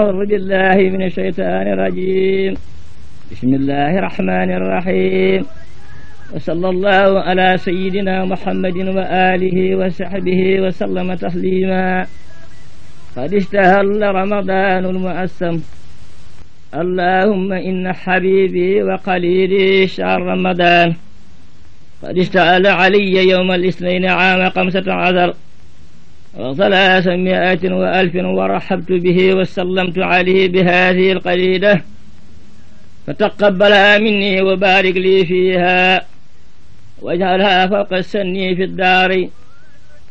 أعوذ بالله من الشيطان الرجيم بسم الله الرحمن الرحيم وصلى الله على سيدنا محمد وآله وصحبه وسلم تسليما قد اشتهل رمضان المؤسم اللهم إن حبيبي وقليلي شهر رمضان قد اشتعل علي يوم الاثنين عام خمسة عذر وثلاث مئات وألف ورحبت به وسلمت عليه بهذه القليلة فتقبلها مني وبارك لي فيها واجعلها فوق السن في الدار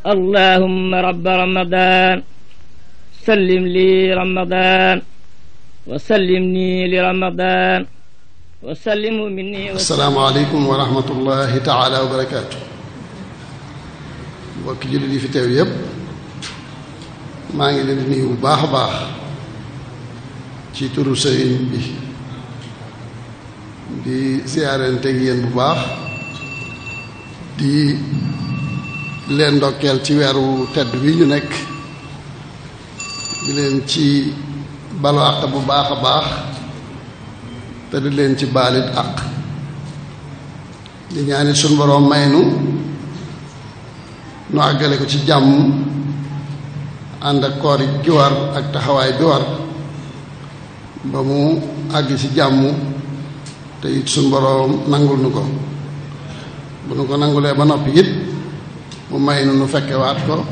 اللهم رب رمضان سلم لي رمضان وسلمني لرمضان وسلمه مني السلام عليكم ورحمة الله تعالى وبركاته mbokki jullit yi fi teew yépp maa ngi leen di nuyu bu baax a baax ci turu sëriñ bi di siyaarante ak bu baax di leen ndokkeel ci weeru tedd bi ñu nekk di leen ci balu àq bu baax a baax te di leen ci baalit àq di ñaanit suñ boroom may nu nu àggale ko ci jàmm ànd ak koor gi ak taxawaay bi war ba mu àgg ci jàmm te it suñ boroom nangul nu ko bu nu ko nangulee ba noppi it mu may nu nu fekke waat ko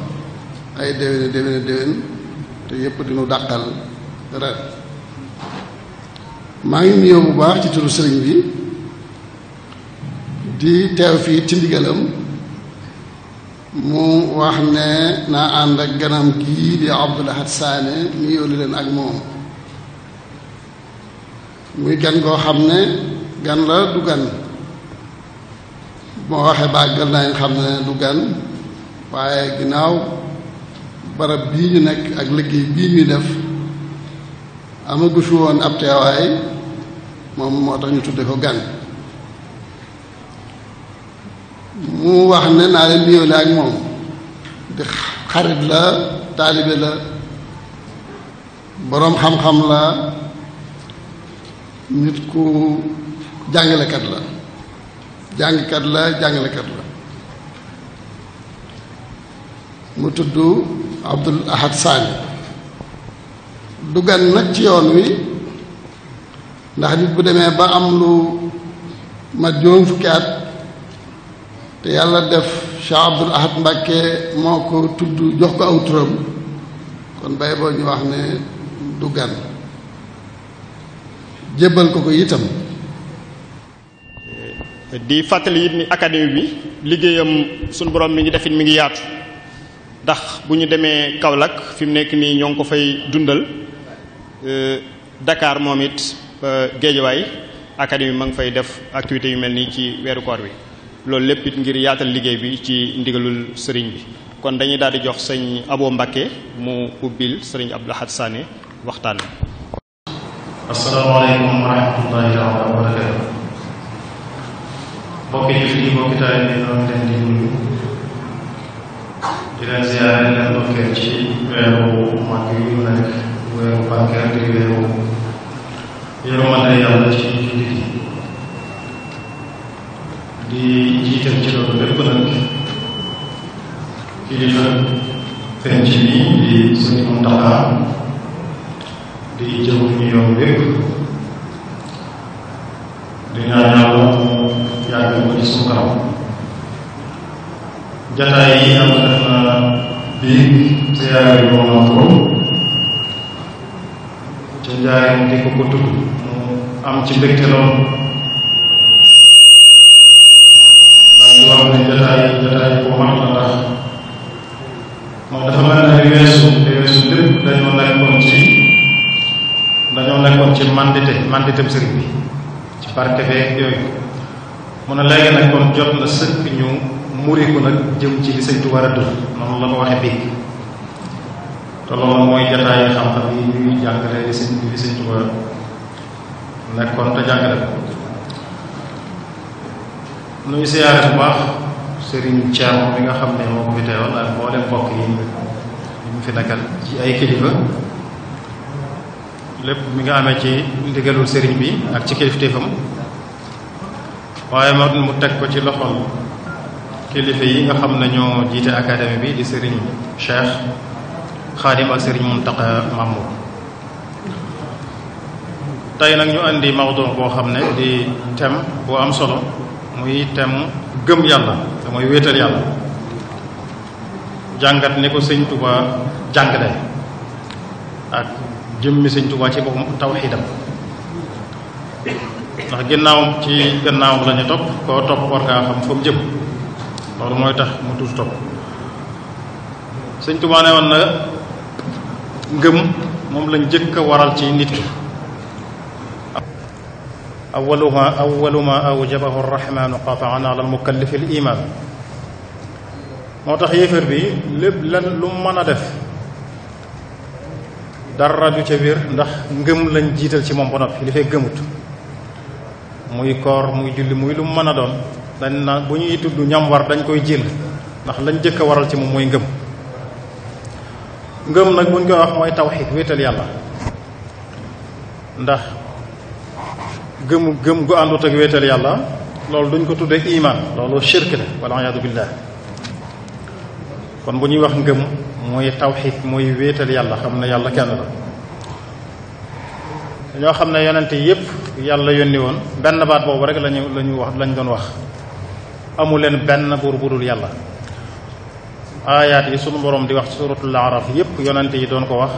ay déwéne déwéne déwén te yépp di dàqal ren maa ngi nuyoo bu baax ci turu sëriñ bi di teew fii ci ndigalam mu wax ne naa ànd ak ganam gii di Abdul Ahad Saane ñu yóolu leen ak moom muy gan koo xam ne gan la du gan moo waxee bàggal nañ xam ne du gan waaye ginnaaw barab bii ñu nekk ak liggéey bii ñuy def amagu fi woon ab teewaay moom moo tax ñu tudde ko gan mu wax ne naa leen liéw la ak moom di xarit la taalibe la boroom xam-xam la nit ku jàngalekat la jàngkat la jàngalekat mu tudd Abdul Ahad Saani dugan nag ci yoon wi ndax nit bu demee ba am lu mat juróom fukki at te yàlla def Cheikh Abdoul Ahad moo ko tudd jox ko aw kon bay boo ñu wax ne du gan jébbal ko ko itam di fàttali it ni académie bi liggéeyam suñu borom mi ngi defit mi ngi yaatu ndax bu ñu demee Kaolack fi mu nekk nii ñoo ngi ko fay dundal euh, dakaar moom it euh, Géejawaay académie ma ngi fay def activités yu mel nii ci weeru koor wi loolu lépp ngir yaatal liggéey bi ci ndigalul sëriñ bi kon dañuy daal di jox sëñ Abo Mbakke mu ubbil sëriñ Abdou Lahad Sané waxtaan wi. asalaamaaleykum wa rahmatullahi wa barakatuh. mbokki jullit yi mbokki taalibe yi ñoo ngi leen di nuyu di leen ziyaare leen ci weeru mag yi ñu nekk weeru barkeel di weeru yërmande yàlla ci jullit yi am ci mbégte lool maa ngi wax ne jotaay jotaay bu mag la ndax moom dafa mel ne ay weesu dañoo nekkoon ci dañoo nekkoon sëriñ bi ci barke beeg yooyu mu ne léegi nag jot na sëkk ñu muriku nag jëm ci li sëñ Tuubaa noonu la ko biig te loolu mooy jataay xam-xam yi ñuy jàngale li sëñ li sëñ Tuubaa nekkoon te jàngale ko nuy siyaare bu baax Serigne Thiam mi nga xam ne moo ko fi teewal ak mboolem mbokk yi mu fi nekkal ci ay kilifa lépp mi nga amee ci ndigalul Serigne bi ak ci kilifteefam waaye ma mu teg ko ci loxol kilifa yi nga xam ne ñoo jiite académie bi di Serigne Cheikh Khadim ak Serigne Mountakha Mamour tey nag ñu indi mawdu boo xam ne di thème bu am solo muy thème gëm yàlla te mooy wéetal yàlla jàngat ni ko sëñ Tuba jàngale ak jëmmi sëñ Tuba ci boppam tawxiidam ndax ginnaaw ci gannaaw lañu ñu topp koo topp war ngaa xam fa mu jëm loolu mooy tax mu tuuti topp sëñ Tuba ne woon na ngëm moom lañ jëkk waral ci nit ki أولها أول ما أوجبه الرحمن قطعا على المكلف الإيمان moo tax yéefar bi lépp lan lu mën a def dara du ca biir ndax ngëm lañ jiital ci moom ba noppi li fee gëmut muy koor muy julli muy lu mën a doon dañ na bu ñuy tudd ñam war dañ koy jël ndax lañ jëkk a waral ci moom mooy ngëm ngëm nag buñ koy wax mooy tawxiid wéetal yàlla ndax gëmu gëm gu àndut ak wéetal yàlla loolu duñ ko tuddee iman loolu shirk la wala iyaadu billah kon bu ñuy wax ngëm muy tawxid mooy wéetal yàlla xam na yàlla kenn la ñoo xam ne yi yépp yàlla yónni woon benn baat boobu rek lañu lañu wax lañ doon wax amu leen benn buur bu dul yàlla aayaat yi sunu boroom di wax ci suratul araf yépp yonente yi doon ko wax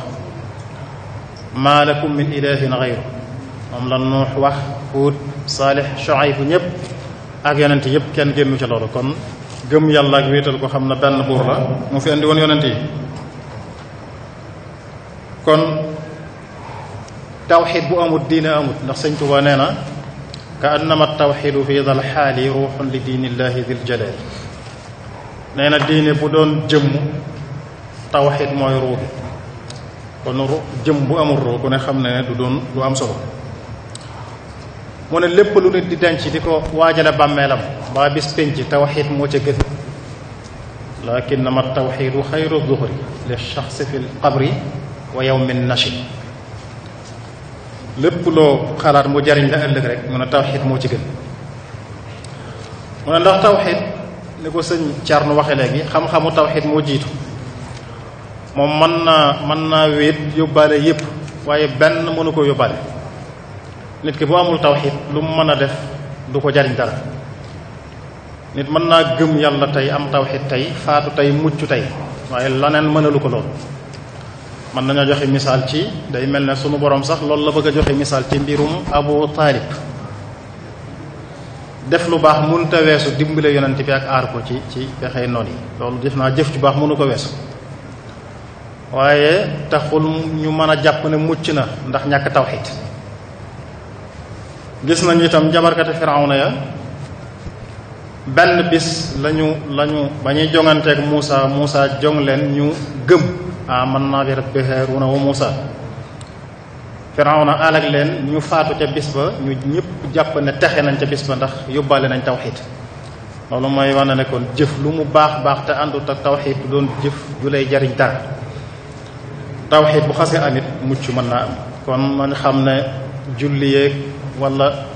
maa lakum min ilahin gayru moom la nuux wax Huud Saalix Shuayb ñëpp ak yonent yëpp kenn génnu ci loolu kon gëm yàlla ak ko xam na benn buur la mu fi andi woon yonent yi kon tawxid bu amut diine amut ndax sëñ Tuba nee na ka annama tawxidu fi dal xaali ruuxun li diinillahi dil jaleel nee na diine bu doon jëmm tawxid mooy ruugi kon jëm bu amul ruu ku ne xam ne du doon lu am solo mu ne lépp lu nit di denc di ko waajale bàmmeelam ba bis pénc tawxid moo ca gën lakinnama tawxidu xayru zuhri li shaxsi fi lqabri wa yowmin nachi lépp loo xalaat mu jariñ la ëllëg rek mu ne tawxid moo ci gën mu ne ndax tawxid ni ko sëñ Thierno waxe léegi xam-xamu tawxid moo jiitu moom mën naa mën naa wéet yóbbaale yépp waaye benn mënu ko yóbbaale nit ki bu amul tawxiid lu mu mën a def du ko jariñ dara nit mën naa gëm yàlla tey am tawxiid tey faatu tey mucc tey waaye laneen mënalu ko loolu mën nañoo joxe misaal ci day mel ne sunu boroom sax loolu la bëgg a joxe misaal ci mbirum Abu Taalib def lu baax mënut te weesu dimbale yonent bi ak aar ko ci ci pexey noon yi loolu def naa jëf ju baax mënu ko weesu waaye taxul ñu mën a jàpp ne mucc na ndax ñàkk tawxiid gis nañ itam jabarkati firawna ya benn bis lañu lañu ba ñuy jonganteek Muusa Muusa jong leen ñu gëm aamannaa ah, bi rabbi Haaruuna wa Muusa firawna leen ñu faatu ca bis ba ñu ñëpp jàpp ne texe nañ ca bis ba ndax yóbbaale nañ tawxiid loolu mooy wane ne kon jëf lu mu baax baax te àndut ak tawxiid du doon jëf ju lay jariñ dara tawxiid bu xasee amit mucc mën naa am kon man xam ne julli yeeg wala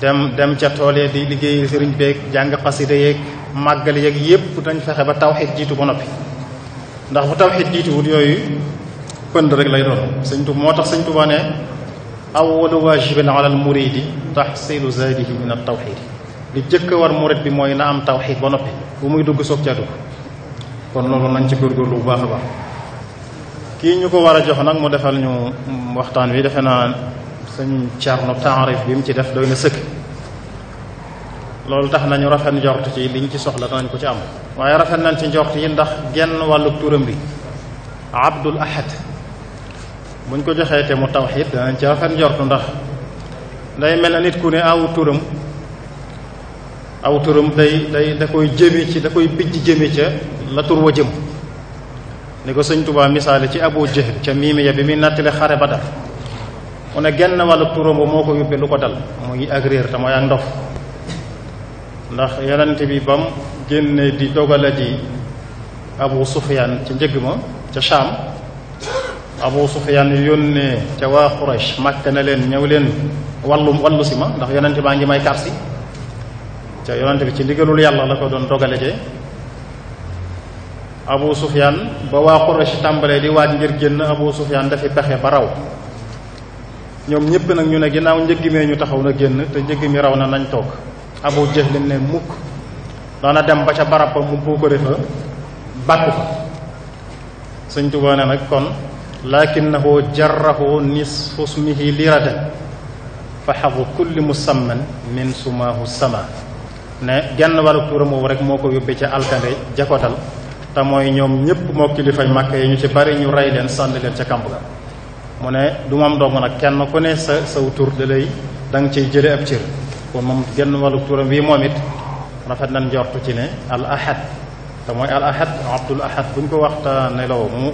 dem dem ca toolee di liggéey sëriñ beeg jàng xasida yeeg màggal yeeg yépp dañ fexe ba tawxid jiitu ba noppi ndax bu tawxid jiituwut yooyu pënd rek lay doon sëñ Tuba moo tax sëñ Tuba ne awwalu waajibin ala al sa tahsilu zaadihi min at tawxid li jëkk war murid bi mooy na am tawxid ba noppi bu muy dugg soog ca dugg kon loolu nañ ci góorgóorlu bu baax a baax kii ñu ko war a jox nag mu defal ñu waxtaan wi defe naa suñ carno taarif bi mu ci def doy na sëkk loolu tax nañu rafet njort ci liñ ci soxla danañ ko ci am waaye rafet nañ ci njort yi ndax genn wàllu turam bi abdul ahad buñ ko joxee te mu tawxid danañ ci rafet njort ndax day mel na nit ku ne aw turam aw turam day day da koy jëme ci da koy bijj jëme ca la tur wa jëm ni ko sëñ Tuubaa misaale ci Abu Jahl ca miimiya bi muy nattale xare Badar mu ne genn wàllu turóomba moo ko yóbbee lu ko dal muy ak réer te mooy ak ndof ndax yonent bi bam génne di dogale ji abu sufyaan ca njëg ma ca Shaam abu sufyaan yónnee ca waa Quraysh Makka na leen ñëw leen wallu wallu si ma ndax yonent baa ngi may karsi ca yonent bi ci ndigalul yàlla la ko doon dogale jee abu sufyaan ba waa Quraysh tàmbalee di waaj ngir génn abu sufyaan dafi pexe ba raw ñoom ñëpp nag ñu ne ginnaaw njëgg mee ñu taxaw na génn te njëgg mi raw na nañ toog abu jahlin ne mukk daana dem ba ca barab ba mu puukare fa bàkku fa sëñ Tuubaa ne nag kon lakinnahu jarrahu nisfu smihi liradan fa xabu kulli musamman min sumaahu sama ne genn wàllu turam woowu rek moo ko yóbbee ca alkande jakotal te mooy ñoom ñëpp moo kilifa Makka yi ñu ci bari ñu rey leen sànni leen ca kamb ga mu ne du moom dong nag kenn ku ne sa sëw tur da lay da nga cay jële ab cër kon moom genn wàllu turam bii moom it rafet nañ jortu ci ne al ahad te mooy al ahad abdul ahad ko waxtaanee law mu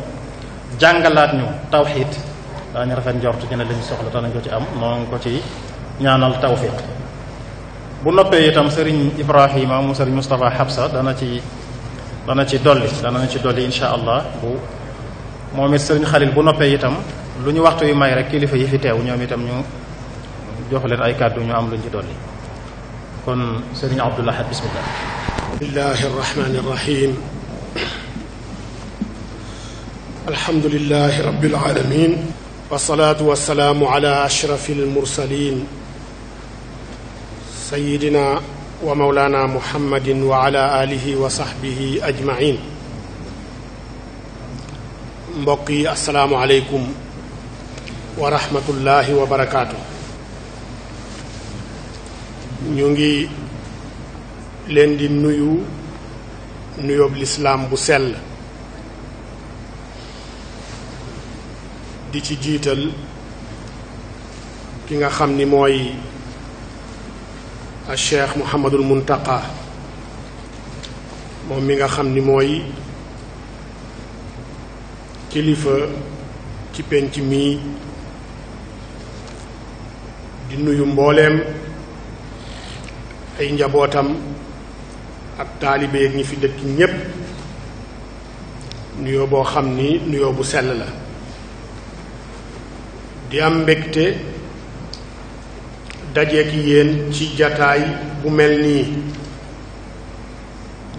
jàngalaat ñu tawxiid daañu rafet njortu ci ne liñ soxla te nañ ko ci am noo ko ci ñaanal tawfiq bu noppee itam sëriñ ibrahima mu sëriñ moustapha xabsa dana ci dana ci dolli dana ci dolli insha allah bu moom it sëriñ xalil bu noppee itam lu ñu waxtu yu may rek kilifa yi fi teew ñoom itam ñu jox leen ay kàddu ñu am luñ ci dolli kon sëriñ Abdul Ahad bismillah bismillahi arrahmani irrahim alhamdulilahi rabbil alamin wasalaatu wasalaamu ala ashrafi almursalin sayidina wa mawlana muhammadin wa ala alihi wa sahbihi ajmain mbokk yi asalaamualeykum wa rahmatullahi wa barakaatu ñu ngi leen di nuyu nuyoob lislaam bu sell di ci jiital ki nga xam ni mooy a cheikh Muhammadul Muntaqa moom mi nga xam ni mooy kilifa ci pénc mii di nuyu mbooleem ay njabootam ak taalibe ñi fi dëkk ñépp nuyoo boo xam ni nuyoo bu sell la di am mbégte dajeek yéen ci jataay bu mel nii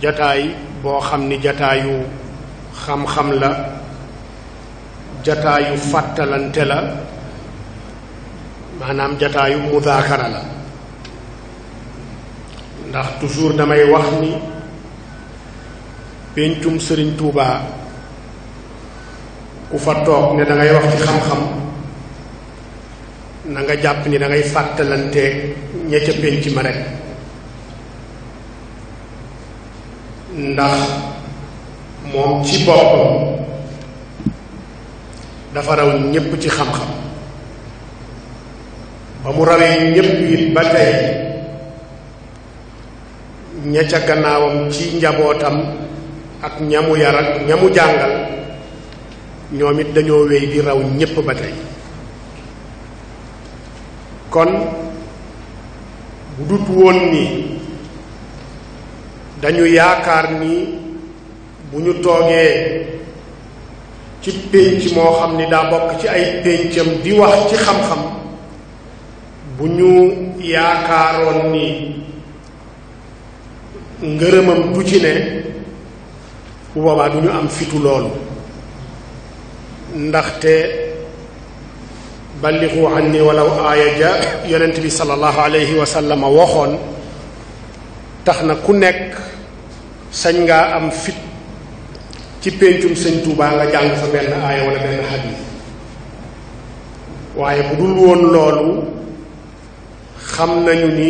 jataay boo xam ni jataayu xam-xam la jataayu fàttalante la maanaam jataayu mudaakara la ndax toujours damay wax ni péncum sëriñ tuubaa ku fa toog ne da wax ci xam-xam na nga jàpp ni da ngay fàttalante ña ca pénc ma rek ndax moom ci boppam dafa raw ñépp ci xam-xam ba mu rawee ñépp it ba tey ña ca gannaawam ci njabootam ak ñamu yar ak ñamu jàngal ñoom it dañoo wéy di raw ñépp ba kon bu woon ni dañu yaakaar ni bu ñu toogee ci pénc moo xam ni daa bokk ci ay péncam di wax ci xam-xam bu ñu yaakaaroon ni ngërëmam du ci ne bu boobaa du ñu am fitu loolu ndaxte ballixu anni walaw aaya ja yonent bi sallallahu alayhi wa waxoon tax na ku nekk sañ ngaa am fit ci péncum sëñ Tuubaa nga jàng fa benn aaya wala benn xadiis waaye bu dul woon loolu xam nañu ni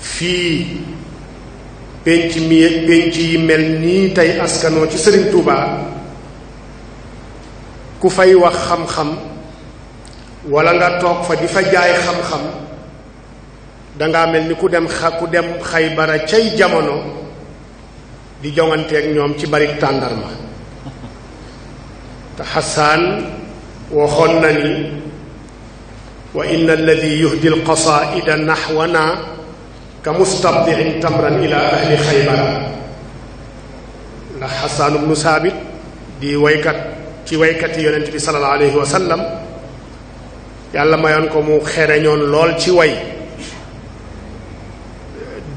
fii penc mi ak yi mel nii tey askanoo ci Serigne Touba ku fay wax xam-xam wala nga toog fa di fa jaay xam-xam danga mel ni ku dem xa ku dem xaybara cay jamono di jonganteeg ñoom ci bari tàndarma te Xasaan na ni wa inna alladi yuhdi alqasaida naxwana ka mustabdiin tamran ila ahli xaybar ndax xasaanu bnu saabit di waykat ci waykat yi yonent bi salallahu wa sallam yàlla mayoon ko mu xereñoon lool ci way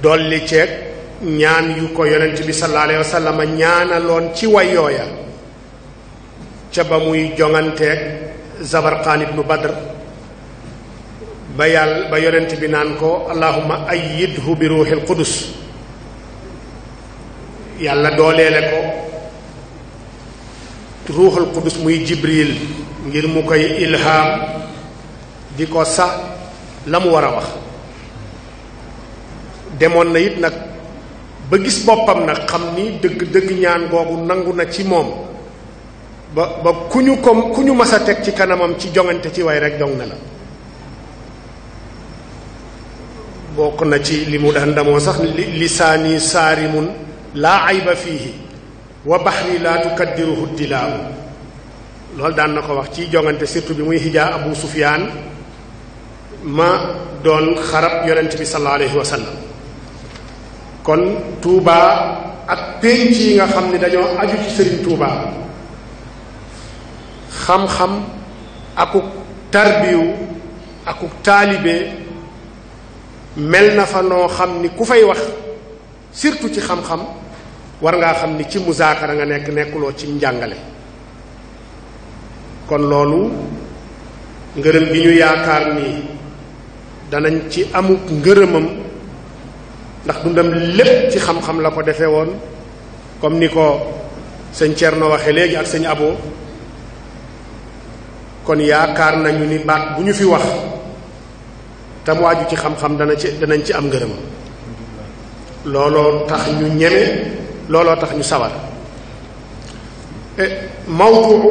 dolli ceeg ñaan yu ko yonent bi salallahu wa sallam ñaanaloon ci way yooya ca ba muy jonganteeg zabarqaan ibnu badr ba yàlla ba yonent bi naan ko allahuma ayidhu bi ruuxil qudus yàlla dooleele ko ruuxul qudus muy jibril ngir mu koy ilhaam di ko sa la mu war a wax demoon na it nag ba gis boppam nag xam ni dëgg dëgg ñaan googu nangu na ci moom ba ba ku ñu ko ku ñu mas a teg ci kanamam ci joŋante ci way rek joŋ na la bokk na ci li mu daan damoo sax lisaani saarimun laa ayba fiihi wa baxri laa tukaddiruhu dilaamu loolu daan na ko wax ci jongante surtout bi muy hijaa abu sufyaan ma doon xarab yonent bi sallallahu alayhi wa kon tuubaa ak pénc yi nga xam ne dañoo aju ci sëriñ tuubaa xam-xam akuk tarbiyu akuk taalibe mel na fa noo xam ni ku fay wax surtout ci xam-xam war ngaa xam ni ci musaakara nga nekk nekkuloo ci njàngale kon loolu ngërëm bi ñu yaakaar ni danañ ci amuk ngërëmam ndax dundam lépp ci xam-xam la ko defee woon comme ni ko sëñ noo waxee léegi ak sëñ Abo kon yaakaar nañu ni baat bu ñu fi wax tam waaju ci xam-xam dana ci danañ ci am ngërëm looloo tax ñu ñeme looloo tax ñu sawar e, mawduu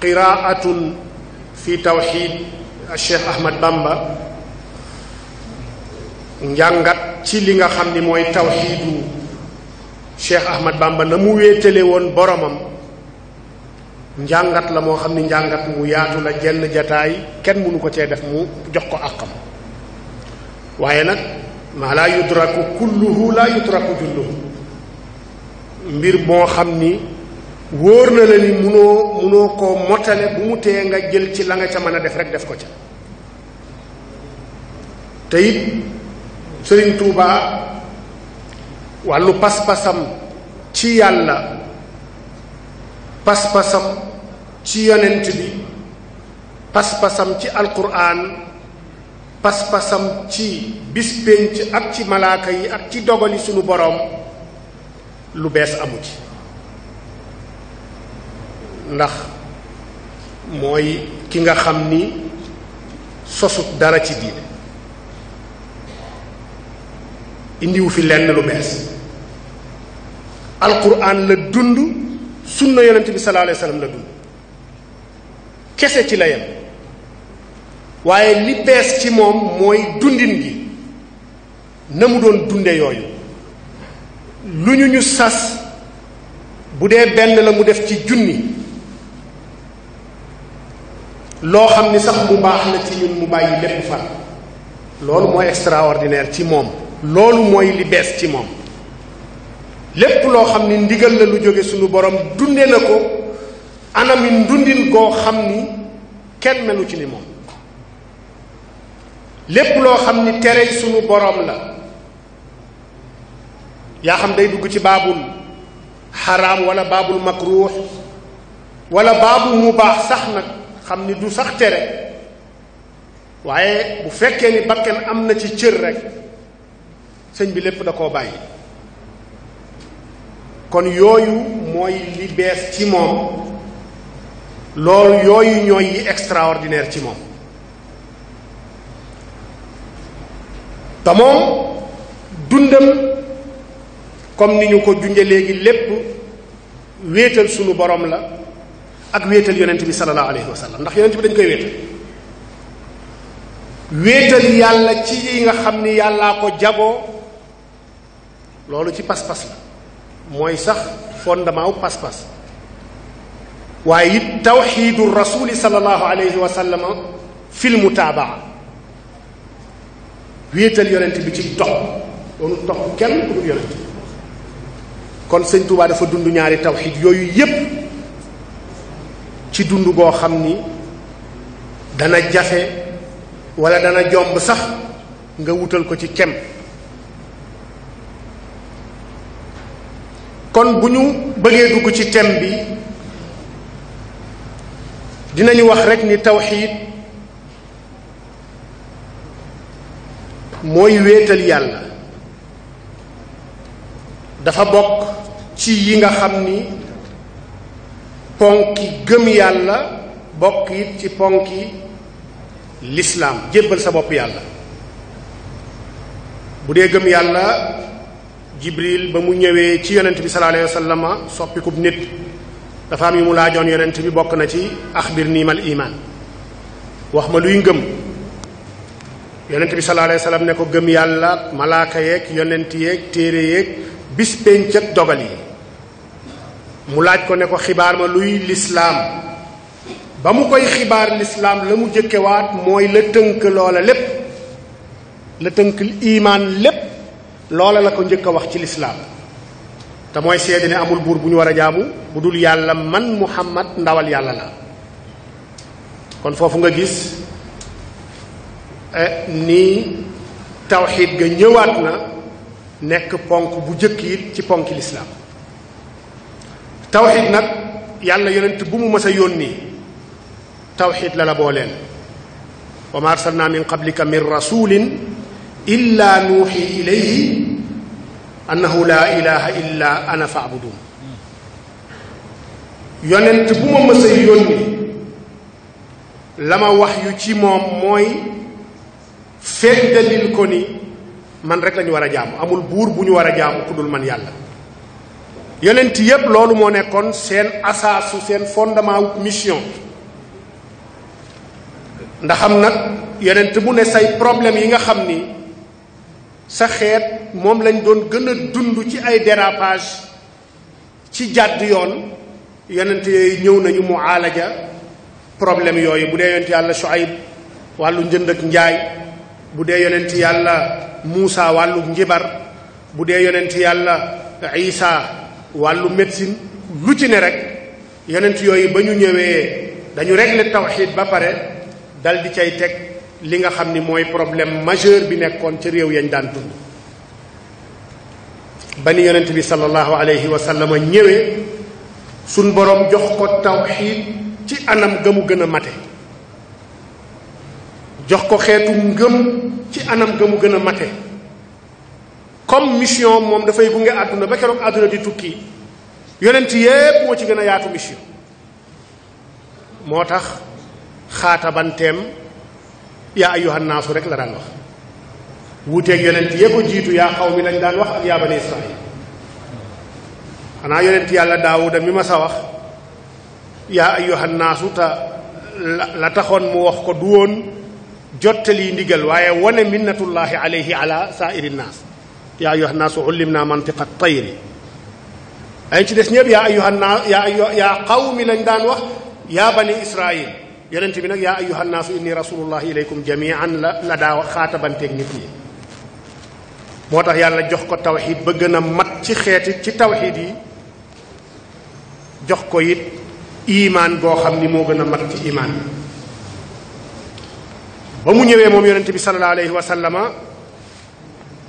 qiraatun fi tawxid Cheikh Ahmad Bamba njàngat ci li nga xam ni mooy tawxiidu Cheikh Ahmad Bamba na mu wéetale woon boromam njàngat la moo xam ni njàngat mu yaatu la jenn jataay kenn mënu ko cee def mu jox ko àqam waaye nag maa laa yudraku kulluhu laa yudraku julluhu mbir moo xam ni wóor na la ni munoo munoo koo motale bu mu tee nga jël ci la nga ca mën a def rek def ko ca te sëriñ Tuubaa wàllu pas-pasam ci yàlla pas-pasam ci yonent bi pas-pasam ci alquran pas-pasam ci bis ak ci malaaka yi ak ci dogali sunu boroom lu bees amu ci ndax mooy ki nga xam ni sosut dara ci diine indiwu fi lenn lu bees alquran la dund sunna yonent bi salaa alayhi wa la dund kese ci la yem waaye li bees ci moom mooy dundin gi na mu doon dunde yooyu lu ñu ñu sas bu dee benn la mu def ci junni loo xam ni sax mu baax na ci ñun mu bàyyi lépp fan loolu mooy extraordinaire ci moom loolu mooy li bees ci moom lépp loo xam ni ndigal la lu jóge sunu borom dunde na ko anami ndundin koo xam ni kenn melu ci ni moom lépp loo xam ni tere sunu boroom la yaa xam day dugg ci baabul xaraam walla baabul makruux wala baabu mu baax sax nag xam ni du sax tere waaye bu fekkee ni bakken am na ci cër rek sëñ bi lépp da koo bàyyi kon yooyu mooy li bees ci moom loolu yooyu ñooy yi extraordinaire ci moom te moom dundam comme ni ñu ko junje léegi lépp wéetal sunu borom la ak wéetal yonent bi sallallahu alayhi wa ndax yonent bi dañ koy wéetal wéetal yàlla ci yi nga xam ni yàllaa ko jagoo loolu ci pas-pas la mooy sax fondement wu pas-pas waaye it tawxiidu rasuli sallallahu alayhi wa sallam fil mutaabaa wéetal yonent bi ci dox doonu dox kenn ku kon sëñ dafa dund ñaari tawxiid yooyu yépp ci dund boo xam ni dana jafe wala dana jomb sax nga wutal ko ci kem kon bu ñu bëggee dugg ci thème bi dinañu wax rekk ni tawxiid mooy wéetal yàlla dafa bokk ci yi nga xam ni ponki gëm yàlla bokk ci ponki lislaam jébbal sa bopp yàlla bu dee gëm yàlla jibril ba mu ñëwee ci yonent bi sallallahu alayhi wa sallama soppikub nit dafa am yu mu laajoon yonent bi bokk na ci axbir niimal iman wax ma luy ngëm yonent bi sallallahu alayhi ne ko gëm yàlla malaaka yeeg yonent yeeg téere yeeg bis pénc dogal yi mu laaj ko ne ko xibaar ma luy lislaam ba mu koy xibaar lislaam la mu jëkkewaat mooy la loola lépp la tënk imaan lépp loola la ko njëkk a wax ci lislaam te mooy seede ne amul buur bu ñu war a jaamu bu dul yàlla man muhammad ndawal yàlla la kon foofu nga gis eh, ni tawxid ga ñëwaat na nekk ponk bu jëkk it ci ponk lislaam tawxid nag yàlla yonent bu mu mës a yónni tawxid la la booleen wa ma arsalna min qablika min rasulin illa nuuxi ilayhi annahu laa ilaha illa ana faabudun yonent bu ma mës a yónni la ma wax yu ci moom mooy feddalil ko ni man rek lañu war a jàmm amul buur bu ñu war a jaamu ku dul man yàlla yonent yépp loolu moo nekkoon seen asaasu seen fondement mission ndax am nag yonent mu ne say problème yi nga xam ni sa xeet moom lañ doon gën a dund ci ay dérapage ci jàdd yoon yonent yooyu ñëw nañu mu aalaja problème yooyu bu dee yonent yàlla Shuayb wàllu njënd ak njaay bu dee yonent yàlla Muusa wàllu njibar bu dee yonent yàlla Isa wàllu médecine lu ci ne rek yonent yooyu ba ñu ñëwee dañu régler tawxiid ba pare dal di cay teg li nga xam ni mooy problème majeur bi nekkoon ci réew yañ daan dund ba ni yonent bi sallallahu alayhi wa sallam ñëwee suñ boroom jox ko tawxiid ci anam ga mu gën a mate jox ko xeetu ngëm ci anam ga mu gën a mate comme mission moom dafay gunge àdduna ba keroog àdduna di tukki yonent yépp moo ci gën a yaatu mission moo tax xaatabanteem yaa ayyuhan naasu rek la daan wax wuuteeg yonent yee ko jiitu yaa xaw mi lañ daan wax ak yaa bani israil xanaa yonent yàlla daawuda mi ma sa wax yaa ayyuhan ta la taxoon mu wax ko du woon jottali ndigal waaye wane minnatullahi alayhi ala saa'iri naas yaa ayyuhan naasu ullimna mantiqa ay ci des ñëpp yaa ayyuhan naas yaa yaa xaw mi lañ daan wax yaa bani israil yonent bi nag yaa ayyuhan naasu inni rasulullahi ilaykum jamian la la daa xaatabanteeg nit ñi moo tax yàlla jox ko tawxid ba gën a mat ci xeeti ci tawxid yi jox ko it iimaan goo xam ni moo gën a mat ci imaan ba mu ñëwee moom yonent bi sallallahu alayhi wa sallama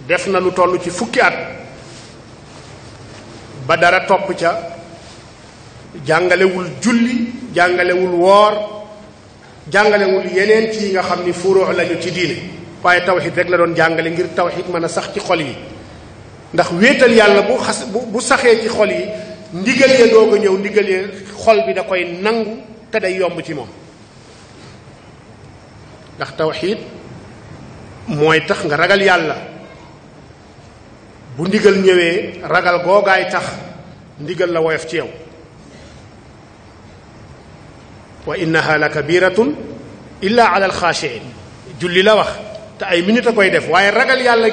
def na lu toll ci fukki at ba dara topp ca jàngalewul julli jàngalewul woor jàngalewul yeneen ci nga xam ni furoo lañu ci diine waaye tawxid rek la doon jàngale ngir tawxid mën a sax ci xol yi ndax wéetal yàlla bu xas bu bu saxee ci xol yi ndigal ya doog a ñëw ndigal ya xol bi da koy nangu te day yomb ci moom ndax tawxid mooy tax nga ragal yàlla bu ndigal ñëwee ragal googaay tax ndigal la woyof ci yow wa innaha la kabiratun illa ala alxaashiin la wax te ay minute a koy def waaye ragal yàlla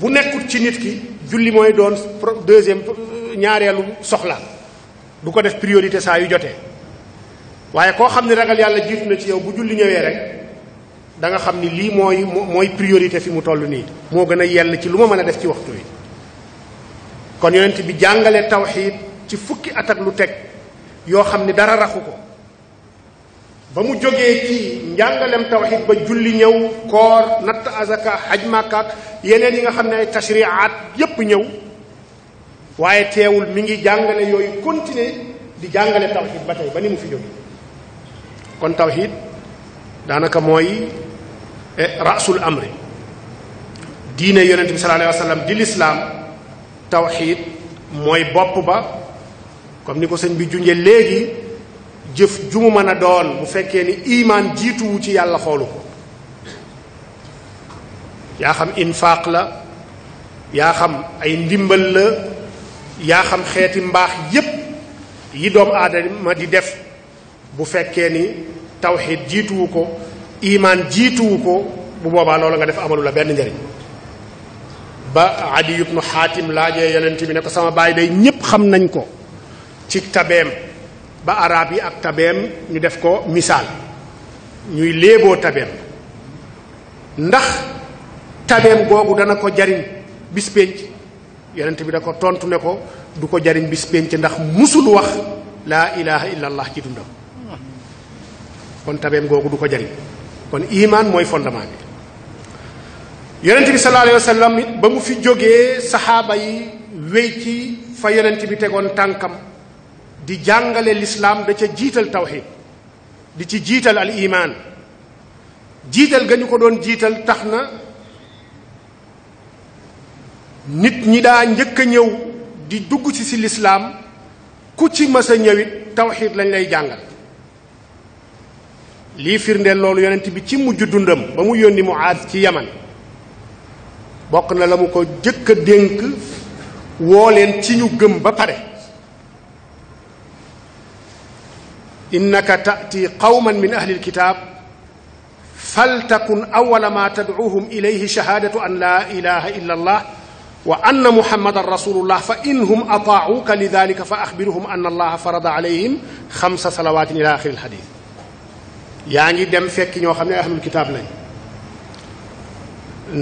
bu nekkut ci nit ki julli mooy doon deuxième ñaareelu soxla du ko def priorité saa yu jotee waaye koo xam ne ragal yàlla jiitu na ci yow bu julli ñëwee rek da nga xam ni lii mooy mooy priorité fi mu toll nii moo gën a yell ci lu ma mën a def ci waxtu wi kon yonent bi jàngale tawxiid ci fukki at ak lu teg yoo xam ni dara raxu ko ba mu jógee ci njàngalem tawxid ba julli ñëw koor natt azaka haj Makka yeneen yi nga xam ne ay tashriaat yépp ñëw waaye teewul mi ngi jàngale yooyu continuer di jàngale tawxid ba tey ba ni mu fi jógee kon tawxid daanaka mooy e, rasul amri diine yonente bi sallallahu alayhi di lislaam tawxid mooy bopp ba comme ni ko sëñ bi junje léegi jëf ju mu mën doon bu fekkee ni imaan jiituwu ci yàlla xoolu ko yaa xam infaaq la yaa xam ay ndimbal la yaa xam xeeti mbaax yépp yi doomu aadama di def bu fekkee ni tawxiid jiituwu ko imaan jiituwu ko bu boobaa loola nga def amalu la benn njariñ ba Adi ibnu Xaatim laajee yonent bi ne sama baay day ñépp xam nañ ko ci tabeem ba araab yi ak tabeem ñu def ko misaal ñuy léeboo tabeem ndax tabeem googu dana ko jariñ bis pénc yonent bi da ko tontu ne ko du ko jariñ bis pénc ndax musul wax laa ilaha illa ci dundam kon tabeem googu du ko jariñ kon imaan mooy fondement bi yonent bi sallallahu alayhi wa ba mu fi jógee saxaaba yi wéy ci fa yonent bi tegoon tànkam di jàngale lislaam da ca jiital tawxid di ci jiital al iman jiital ga ñu ko doon jiital tax na nit ñi daa njëkk a ñëw di dugg ci ci lislaam ku ci mës a ñëwit tawxid lay jàngal lii firndeel loolu yonent bi ci mujj dundam ba mu yónni Muaaz ci Yaman bokk na la mu ko jëkk a dénk woo leen ci ñu gëm ba pare innaka tati qawman min ahli alkitaab faltakun awala ma tadcuuhum ilayhi shahaadatu an laa ilaha illa allah wa anna muhammadan rasulullah fa in hum ataacuuka lidalika fa axbiruhum an allaha farada alayhim xamsa salawaatin ila axiri alxadis yaa ngi dem fekk ñoo xam ne ahlul kitaab lañ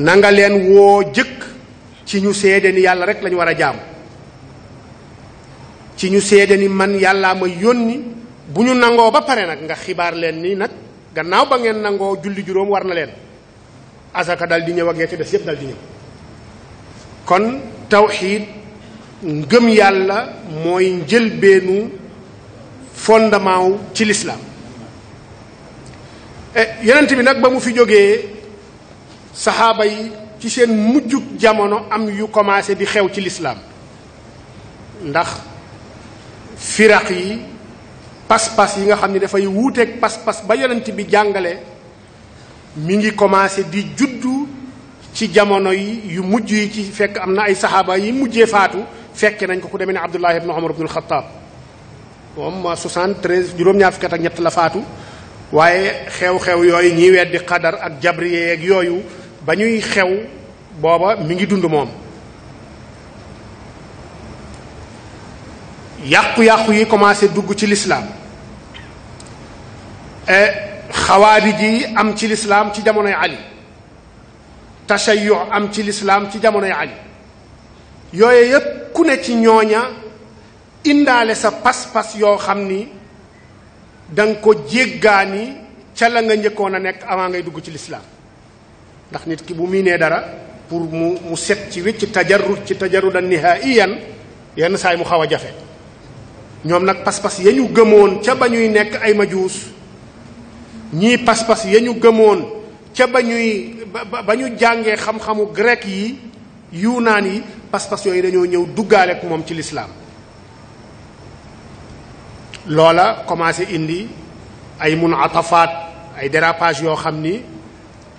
na nga leen woo jëkk ci ñu seede ni yàlla rek lañu war a jaam ci ñu seede ni man yàllaa ma yónni bu ñu nangoo ba pare nag nga xibaar leen nii nag gannaaw ba ngeen nangoo julli juróom war na leen asaka dal di ñëw ak ci des yépp dal di ñëw kon tawxiid ngëm yàlla mooy njëlbeenu fondement wu ci lislaam e, yonent bi nag ba mu fi jógee saxaaba yi ci seen mujjug jamono am yu commencé di xew ci lislaam ndax firaq yi pas-pas yi nga xam ne dafay wuuteeg pas-pas ba yonent bi jàngale mi ngi commencé di juddu ci jamono yi yu mujj yi ci fekk am na ay saxaaba yi mujjee faatu fekke nañ ko ku demee ne Abdullah ibn Umar ibn al-Khattab moom 73 juróom-ñaar fukki at ak ñett la faatu waaye xew-xew yooyu ñiy weddi xadar ak jabriye ak yooyu ba ñuy xew booba mi ngi dund moom yàqu-yàqu yi commencé dugg ci lislaam e xawaarij yi am ci lislaam ci jamonoy ali tashayu am ci lislaam ci jamonoy ali yooye yépp ku ne ci ñooña indaale sa pas-pas yoo xam ni danga ko jéggaani ca la nga njëkkoon a nekk avant ngay dugg ci lislaam ndax nit ki bu miinee dara pour mu mu set ci wécc tajarrud ci tajarrudan nihaiyan yenn saay mu xaw a jafe ñoom nag pas-pas ya ñu gëmoon ca ba ñuy nekk ay majuus ñii pas-pas ya ñu gëmoon ca ba ñuy ba ñu jàngee xam-xamu grec yi yunaan yi pas-pas yooyu dañoo ñëw duggaale ak moom ci lislaam loola commencé indi ay munatafaat ay dérapage yoo xam ni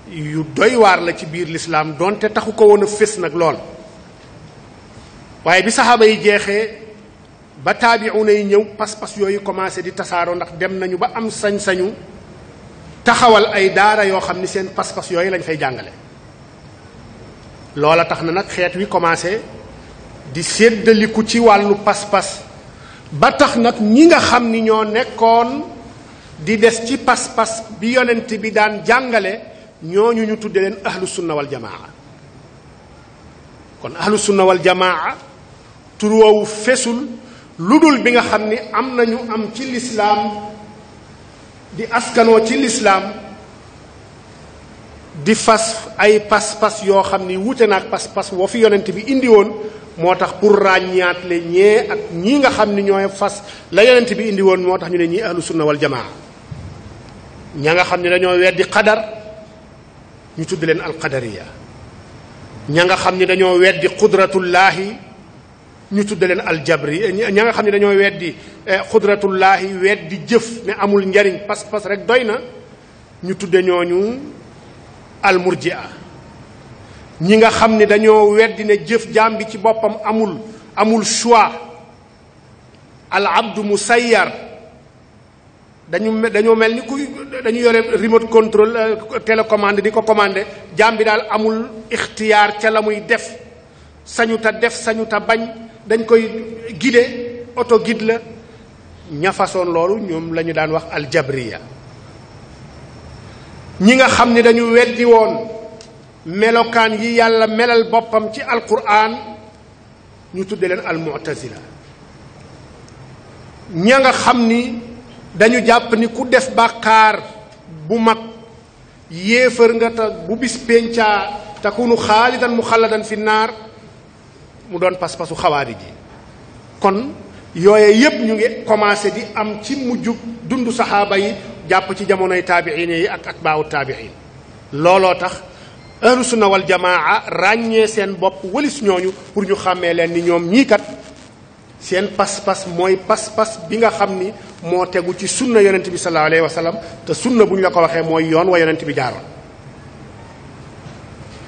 yu doy waar la ci biir lislaam donte taxu ko woon a fés nag lool waaye bi saxaaba yi jeexee ba taabi'una yi ñëw pas-pas yooyu commencé di tasaaroo ndax dem nañu ba am sañ-sañu taxawal ay daara yoo xam ni seen pas-pas yooyu lañ fay jàngale loola tax na nag xeet wi commencé di séddaliku ci wàllu pas-pas ba tax nag ñi nga xam ni ñoo nekkoon di des ci pas-pas bi yonent bi daan jàngale ñooñu ñu tudde leen ahlu sunna jamaa kon ahlu sunna jamaa tur woowu fesul lu dul bi nga xam ni am nañu am ci lislaam di askanoo ci lislaam di fas ay pas-pas yoo xam ni wuute naag pas-pas woo fi yonent bi indi woon moo tax pour ràññaat le ñee ak ñii nga xam ni ñoo fas la yonent bi indi woon moo tax ñu ne ñii ahlu sunna wal jamaa ña nga xam ni dañoo weddi xadar ñu tudd leen alqadariya ña nga xam ni dañoo weddi qudratullaahi ñu tudde leen aljabri eh, ña nga xam ne dañoo weddi eh, xudratullaahi weddi jëf ne amul njariñ pas-pas rek doy na ñu tudde ñooñu almurjia ñi nga xam ni dañoo weddi ne jëf jaam bi ci boppam amul amul choix al abdu musayyar dañu dañoo mel ni ku dañu yore remote control eh, télécommande di ko commandé jaam bi daal amul ixtiyaar ca la muy def sañuta def sañuta bañ dañ koy guidé oto guide la ña loolu ñoom lañu daan wax aljabriya ñi nga xam ni dañu weddi woon melokaan yi yàlla melal boppam ci alquran ñu tudde leen almutazila ña nga xam ni dañu jàpp ni ku def bàkkaar bu mag yéefar nga te bu bis pencaa takunu xaalidan mu xaladan fi naar mu doon pas-pasu xawaari ji kon yooye yépp ñu ngi commencé di am ci mujjub dundu saxaaba yi jàpp ci jamonoy taabiin yi ak atbaawu taabiin looloo tax ahlu sunna wal jamaa ràññee seen bopp walis ñooñu pour ñu xàmmee leen ni ñoom ñii kat seen pas-pas mooy pas-pas bi nga xam ni moo tegu ci sunna yonent bi sallallahu alayhi wa sallam te sunna bu ñu la ko waxee mooy yoon wa yonent bi jaaroon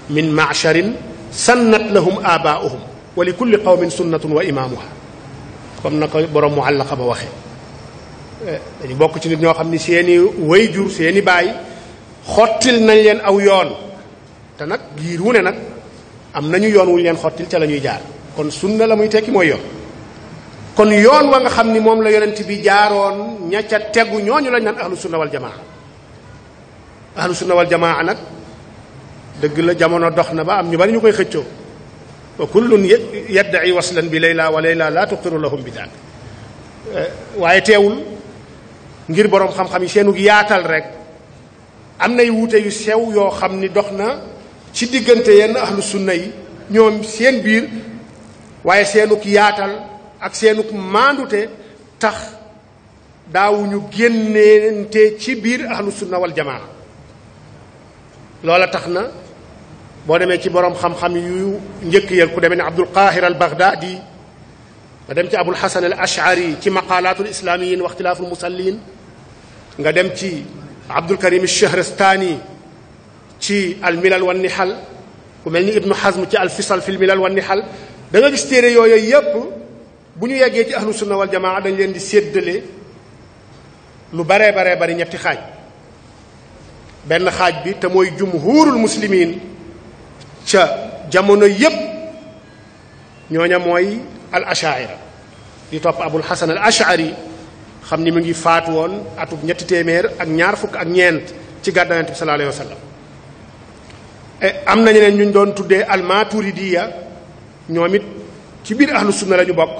min macharin sannat lahum abaauhum wa li kulli qawmin sunnatun wa imaamuha kon na ko borom mu àllaqa ba waxe dañu bokk ci nit ñoo xam ni seeni way jur seeni baay xottil nañ leen aw yoon te nag giir wu ne nag am nañu yoon wuñ leen xottil ca la ñuy jaar kon sunna la muy tekki mooy yoon kon yoon wa nga xam ni moom la yonent bi jaaroon ña ca tegu ñooñu lañ naan ahlu sunna wal jamaa ahlu sunna wal jamaa nag dëgg la jamono dox na ba am ñu bari ñu koy xëccoo wa kullun yaddaci waslan bi layla wa layla laa tuqtiru lahum bidaan eh, waaye teewul ngir boroom xam-xam yi seenug yaatal rek am nay wuute yu sew yoo xam ni dox na ci diggante yenn ahlu sunna yi ñoom seen biir waaye seenug yaatal ak seenug maandute tax daawuñu génneente ci biir ahlu sunna wal jamaa loola tax na boo demee ci borom xam-xam yu njëkk ya ku demee ne Abdul Qahir al Baghdadi nga dem ci Abul Hasan al Ash'ari ci maqalaatul islaamiyin wa ixtilaaful musalliin nga dem ci Abdul Karim Shahrastani ci al milal wan nihal ku mel ni Ibnu Hazm ci al fisal fil milal wan nihal da danga gis téere yooyu yépp bu ñu yeggee ci ahlu sunna wal jamaa dañ leen di séddale lu baree baree bari ñetti xaaj benn xaaj bi te mooy jumhurul muslimin ca jamono yépp ñooña mooy al ashaira di topp abul xasan al ashari xam ni mu ngi faatu woon atub ñetti téeméer ak ñaar fukk ak ñeent ci gàddaay Yonent bi sallallahu alayhi eh, am na ñeneen ñu doon tuddee al maturidiya ñoom it ci biir ahlu sunna la ñu bokk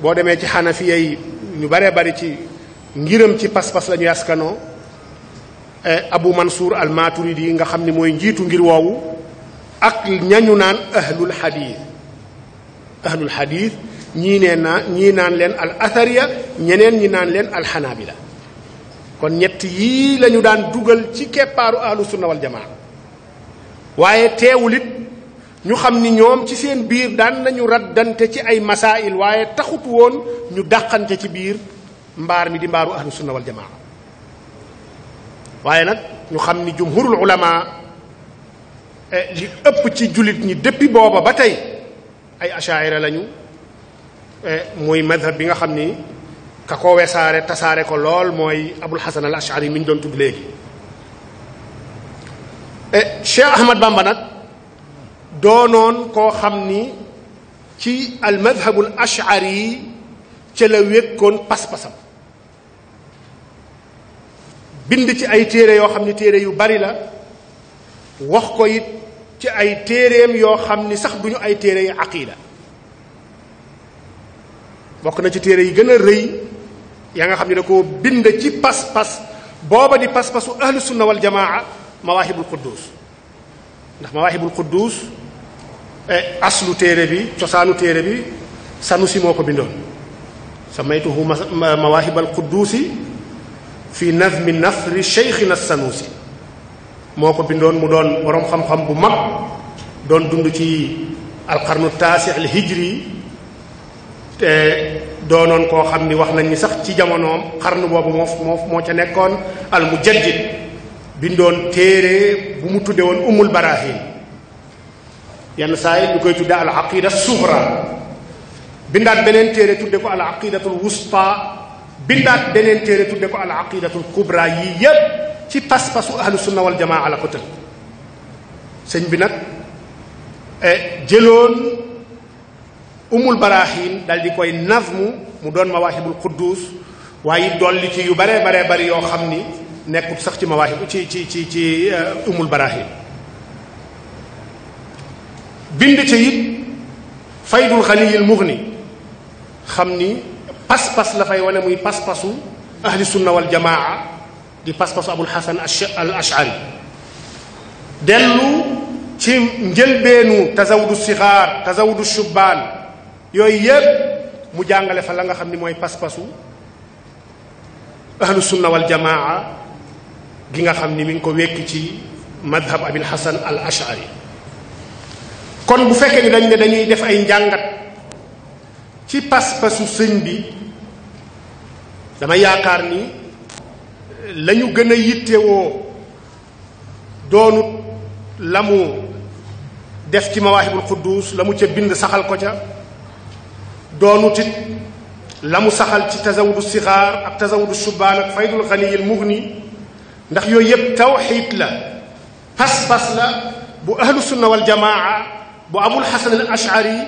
boo demee ci xanafiya yi ñu baree bari ci ngiram ci pas-pas la ñu yaskanoo eh, abu mansour al maturidi nga xam ni mooy njiitu ngir woowu ak ñañu naan ahlul xadiis ahlul xadiis ñii nee naa ñii naan leen al athariya ñeneen ñi naan leen al xanaabila kon ñett yii lañu daan dugal ci keppaaru ahlu sunna wal jamaa waaye teewul it ñu xam ni ñoom ci seen biir daan nañu raddante ci ay masail waaye taxut woon ñu dàqante ci biir mbaar mi di mbaaru ahlu sunna wal waaye nag ñu xam ni jumhurul ulama Eh, li ëpp ci jullit ñi depuis booba ba tey ay achaira lañu eh, muy madhab bi nga xam ni ka ko wesaare tasaare ko lool mooy abul xasan al ashari mi ñu doon tudd léegi eh, cheikh ahmad bamba doonoon koo xam ni ci al madhabul ashari ca la wékkoon pas-pasam bind ci ay téere yoo xam ni téere yu bari la wax ko it ci ay téeréem yoo xam ni sax duñu ay téere yi aqiida bokk na ci téere yi gën a rëy yaa nga xam ne da koo bind ci pas-pas booba di pas-pasu ahlu sunna wal jamaa mawaahibul quddus ndax mawaahibul quddus eh, aslu téere bi cosaanu téere bi sanusi moo ko bindoon samaytuhu mawaahibal quddusi fi nazmi nafri sanu sanusi moo ko bindoon mu doon borom xam-xam bu mag doon dund ci alxarnu taasix al hijri doonoon koo xam ni wax nañ ni sax ci jamonoom xarnu boobu moo moo moo ca nekkoon al mujaddid bindoon téere bu mu tuddee woon umul barahin yenn saa yi ñu koy tudde al aqida sughra bindaat beneen téere tudde ko al aqidatul wusta bindaat beneen téere tudde ko al aqidatul kubra yii yépp ci pas-pasu ahlu sunna wal jamaa la ko tënk sëñ bi nag eh, jëloon umul baraahin dal di koy nazmu mu doon mawaahibul quddus waaye dolli ci yu baree baree bari yoo xam ni nekkul sax ci mawaahib ci ci ci ci eh, umul baraahin bind ci it faydul xaliyil mughni xam ni pas-pas la fay wane muy pas-pasu ahli sunna jamaa di pas-pasu abul xasan al ashari dellu ci njëlbeenu tazawudu sixaar tazawudu shubbaan yooyu yépp mu jàngale fa la nga xam ni mooy pas-pasu ahlu sunna wal gi nga xam ni mi ngi ko wékk ci madhab abil xasan al ashari kon bu fekkee ni dañ dañuy def ay njàngat ci pas sëñ bi dama yaakaar ni la ñu gën a yittewoo doonut la def ci mawaahibul quddus la mu ca bind saxal ko ca doonut it la mu saxal ci tasawudu sixaar ak tasawudu subaan ak faydul xaniyil mughni ndax yooyu yépp tawxiit la pas-pas la bu ahlu sunna wal bu abul xasan al ashari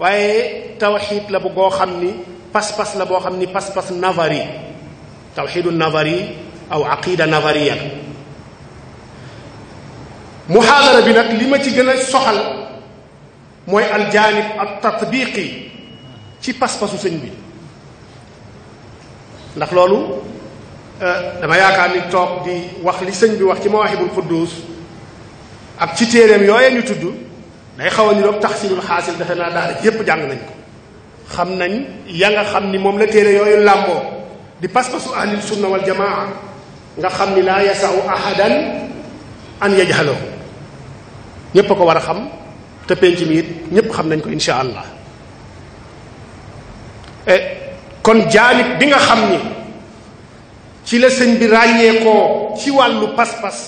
waaye tawxiit la bu goo xam ni pas-pas la boo xam ni pas-pas navari tawxiidu navari aw aqida navaria la muhaadara bi nag li ma ci gën a soxal mooy aljaanib at tatbiqi ci pas-pasu sëñ bi ndax loolu euh, dama yaakaar ni toog di wax li sëñ bi wax ci mawaahibul quddus ak ci téeréem yooyee ñu tudd day xaw a ñu doog taxsilul xaasil defe naa daara yépp jàng nañ ko xam nañ ya nga xam ni moom la téere yooyu làmboo di pas-pasu ahlil sunna wal jamaa nga xam ni laa yasaw ahadan an yajhaloo ñépp a ko war a xam te penc mi ñépp xam nañ ko insha allah e, kon jaanib bi nga xam ni ci la sëñ bi ràññeekoo ci wàllu pas-pas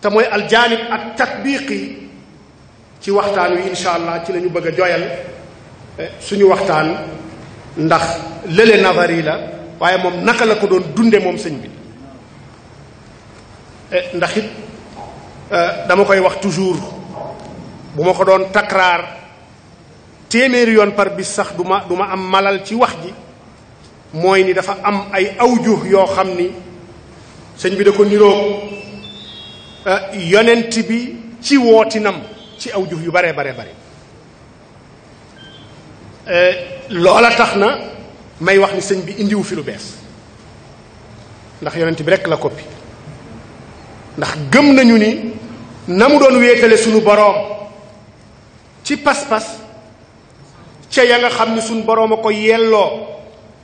te mooy aljaanib ak tatbiqi ci waxtaan wi insha allah ci lañu bëgg a joyal e, suñu waxtaan ndax lële nazari la waaye moom naka la ko doon dunde moom sëñ bi Eh, ndax it eh, dama koy wax toujours bu ma ko doon takraar téeméeri yoon par bis sax du ma du ma am malal ci wax ji mooy ni dafa am ay aw awju yoo xam ni sëñ bi da ko niroog eh, yonent bi ci wootinam ci awju yu bare bare bare loola tax na may wax ni sëñ bi indiwu fi lu bees ndax yonent bi rekk la koppi ndax gëm nañu ni na mu doon wéetale suñu boroom ci pas-pas ca ya nga xam ni suñu boroom a ko yelloo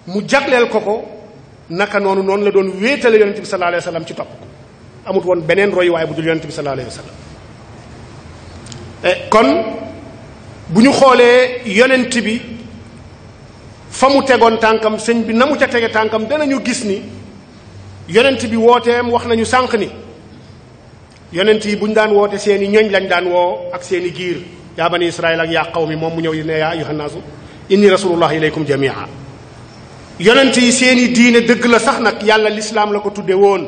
mu jagleel ko ko naka noonu noonu la doon wéetale yonente bi sallallahu alayhi wa ci topp amut woon beneen royuwaay bu dul bi sallallahu alayhi e, kon bu ñu xoolee yonent bi fa mu tegoon tànkam sëñ bi na mu ca tege tànkam danañu gis ni yonent bi wooteem wax nañu sànq ni yonent yi bu ñu daan woote seen i ñoñ lañ daan woo ak seen i giir yaa bani israil ak yaa mi moom mu ñëw ne yaa ayyuhannaasu inni rasulullah ilaykum jamia yonent yi seen i diine dëgg la sax nag yàlla lislaam la ko tudde woon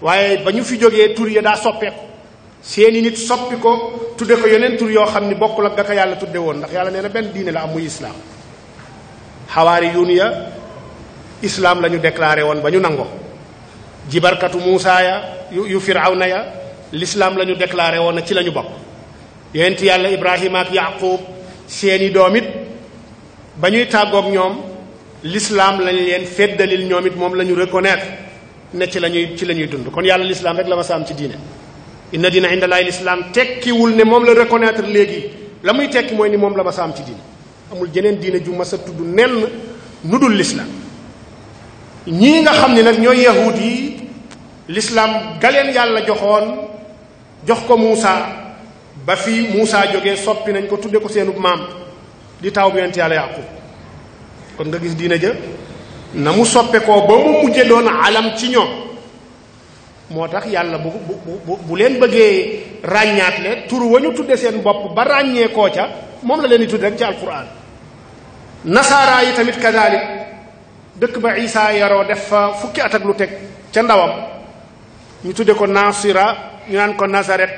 waaye ba ñu fi jógee tur ya daa soppeeku seeni nit soppi ko tudde ko yeneen tur yoo xam ni bokkul ak ga yàlla tudde woon ndax yàlla nee na benn diine la am muy islaam xawaari yuun ya islaam lañu ñu woon ba ñu nango jibarkatu Muusa ya yu yu Firawna ya lislaam la ñu déclaré woon na ci la ñu bokk yonent yàlla Ibrahima ak Yaqub seeni doom ba ñuy tàggoog ñoom l'islam lañ leen feddalil ñoom moom la ñu reconnaître ne ci la ñuy ci la ñuy dund kon yàlla l'islam rek la ma sa am ci diine inna dina inda laay l'islam tekkiwul ne moom la reconnaître léegi la muy tekki mooy ni moom la ma sa ci diine amul jeneen diine ju mas a tudd nenn nu dul l'islam ñii nga xam ne nag l'islam galeen yàlla joxoon jox ko Muusa ba fi Muusa jóge soppi nañ ko tudde ko seenub maam di taaw bi yonent yàlla Yaaqub kon nga gis diina jë na mu soppe ko ba mu mujje doon alam ci ñoom moo tax yàlla bu bu bu leen bëggee ràññaat le tur wa ñu tudde seen bopp ba ràññeekoo ca moom la leen di tudde rek ci alquran nasaaraa yi tamit kadalik dëkk ba Isaa yaroo def fa fukki at ak lu teg ca ndawam ñu tudde ko Nasira ñu naan ko nasaret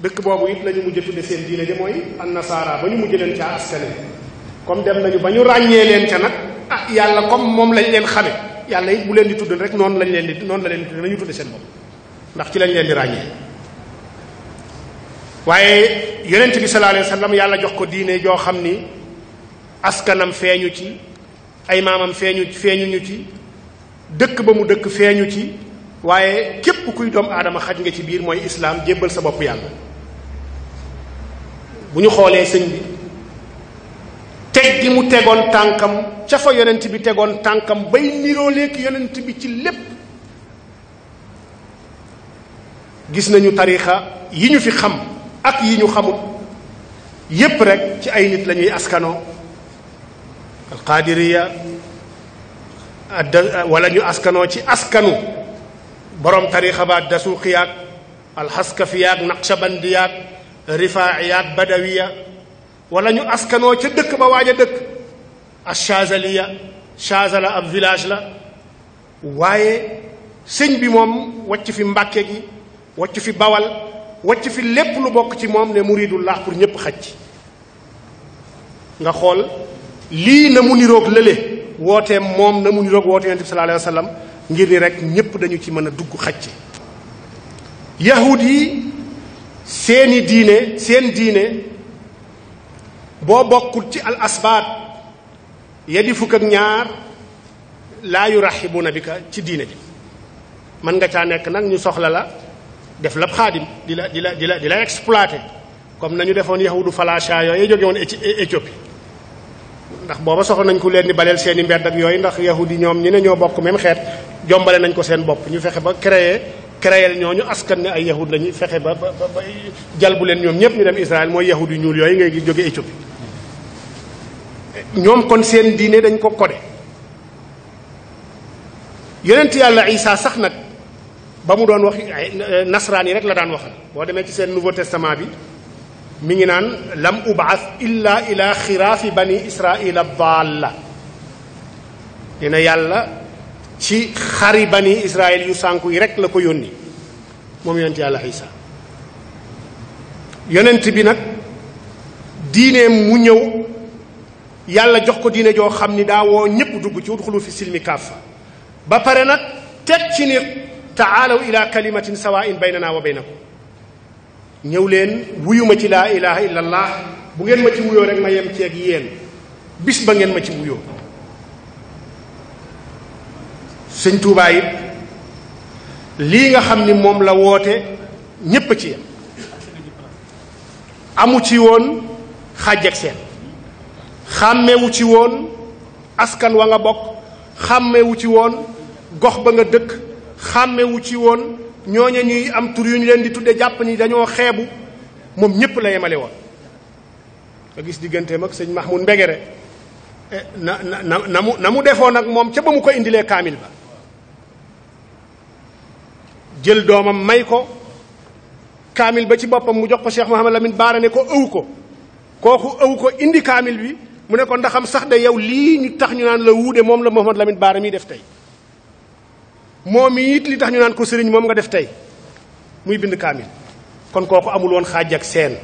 dëkk boobu it la ñu mujj tudde seen diine ja mooy an nasaara ba ñu mujj leen caa askane comme dem nañu ba ñu ràññee leen ca nag ah yàlla comme moom lañ leen xame yàlla it bu leen di tudd rek noonu lañ leen di noonu la leen di tudde nañu tudde seen bopp ndax ci lañ leen di ràññee waaye yonent bi sallallahu alayhi wa yàlla jox ko diine joo xam ni askanam feeñu ci ay maamam feeñu feeñuñu ci dëkk ba mu dëkk feeñu ci waaye képp kuy doomu aadama xaj nga ci biir mooy islaam jébbal sa bopp yàlla bu ñu xoolee sëñ bi teg gi mu tegoon tànkam ca fa yonent bi tegoon tànkam bay niroo léegi yonent bi ci lépp gis nañu tarixa yi ñu fi xam ak yi ñu xamut yépp rek ci ay nit lañuy askano alqaadiriya wala ñu askanoo ci askanu borom tarixa baat dasuuqiyaag alxaskafiyaag naqshabandiyaag rifaaciyaag badawiya wala ñu askanoo ca dëkk ba waaj a dëkk achazaliya chaza la ab village la waaye sëñ bi moom wàcc fi mbàkke gi wàcc fi bawal wacc fi lépp lu bokk ci moom ne muridullah pour ñépp xaj nga xool lii na mu niroog lële wooteem moom na mu niroog woote yonent bi sallallahu alayhi wa ngir ni rek ñépp dañu ci mën a dugg xacc yahud yi seeni diine seen diine boo bokkul ci al asbaat ya di fukk ak ñaar laa yuraxibuna bi ka ci diine bi mën nga caa nekk nag ñu soxla la def lab xaadim di la di la di la di la exploité comme nañu defoon yahudu falasha yooyu jóge woon Éthiopie ndax booba soxla nañ ku leen di baleel seeni mbedd ak yooyu ndax yi ñoom ñu ne ñoo bokk même xeet jombale nañ ko seen bopp ñu fexe ba créer créer ñooñu askan ne ay yahud lañu fexe ba ba ba jal bu leen ñoom ñëpp ñu dem Israël mooy yahud yu ñuul yooyu nga ngay gi jóge Éthiopie ñoom kon seen diine dañ ko codé yonent yàlla Isaa sax nag ba mu doon wax nasraan yi rek la daan waxal boo demee ci seen Nouveau Testament bi mi ngi naan lam ubaas illa ila xiraafi bani israila la dina yàlla ci xari bani israel yu sànku yi rek la ko yónni moom yonent yàlla isa yonent bi nag diineem mu ñëw yàlla jox ko diine joo xam ni daa woo ñépp dugg ci udxulu fi silmi kaafa ba pare nag teg ci ni taalaw ila kalimatin sawain baynana wa baynakum ñëw leen wuyu ma ci laa ilaha illallah bu ngeen ma ci wuyoo rek ma yem ceeg yéen bis ba ngeen ma ci wuyoo sëñ Touba lii nga xam ni moom la woote ñépp ci yam amu ci woon xàjj ak seen xàmmewu ci woon askan wa nga bokk xàmmewu ci woon gox ba nga dëkk xàmmewu ci woon ñooña ñuy am tur yu ñu leen di tudde jàpp ni dañoo xeebu moom ñépp la yemale woon nga gis digganteem ak sëñ Mahmoud Mbegere eh, na na na mu na mu defoon ak moom ca ba mu ko indilee kaamil ba jël doomam may ko kaamil ba ci boppam mu jox ko Cheikh Mouhamad Lamine Baara ne ko ëw ko kooku ëw ko indi kaamil bi mu ne ko ndaxam sax da yow lii tax ñu naan la wuude moom la Mouhamad Lamine Baara mi def tey moom it li tax ñu naan ko sëriñ moom nga def tey muy bind kaamil kon kooku amul woon xaaj ak seen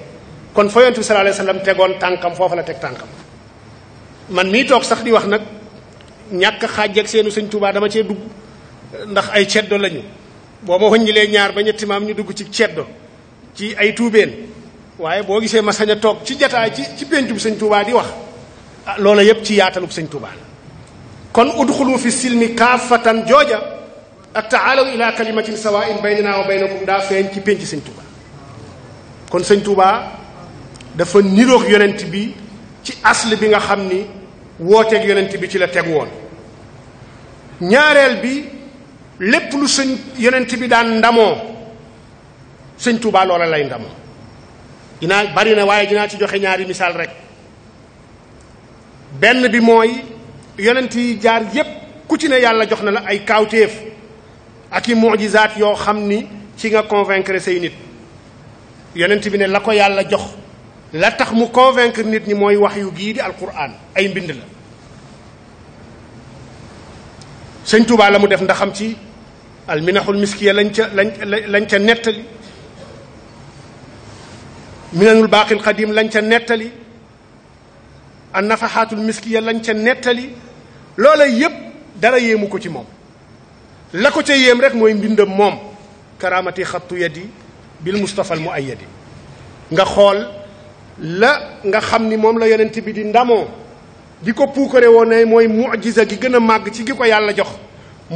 kon fa yonent bi sallallahu alayhi tegoon tànkam foofa la teg tànkam man mii toog sax di wax nag ñàkk xaaj ak seenu sëñ Tuubaa dama cee dugg ndax ay ceddo lañu boo ma wëññilee ñaar ba ñetti maam ñu dugg ci ceddo ci ay tuubeen waaye boo gisee ma sañ a toog ci jataay ci ci péncum sëñ Tuubaa di wax ah yëpp ci yaatalu sëñ Tuubaa kon udxulu fi silmi kaafatan jooja ak taalaw ila kalimatin sawain baynana wa baynakum daa feeñ ci pénc sëñ Tuubaa kon sëñ Tuubaa dafa niroog yonent bi ci asl bi nga xam ni wooteeg yonent bi ci la teg woon ñaareel bi lépp lu sëñ yonent bi daan ndamoo sëñ Tuubaa lay ndamoo dinaa bari na waaye dinaa ci joxe ñaari misaal rek benn bi mooy yonent yi jaar yépp ku ci ne yàlla jox na la ay kaawtéef ak i mujizaat yoo xam ni ci nga convaincre say nit yonent bi ne la ko yàlla jox la tax mu convaincre nit ñi mooy wax yu gii di alquran ay mbind la sëñ Tuubaa la mu def ndaxam ci alminaxul miskiya lañ ca lañ lañ ca nettali minanul baaqil qadim lañ ca nettali annafaxaatul miskiya lañ ca nettali loola yépp dara yéemu ko ci moom la ko ca yéem rek mooy mbindam moom karaamati xattu yadi bil mustapha al muayyadi nga xool la nga xam ni moom la yonent bi di ndamoo di ko puukare woon ne mooy mujiza gi gën a màgg ci gi ko yàlla jox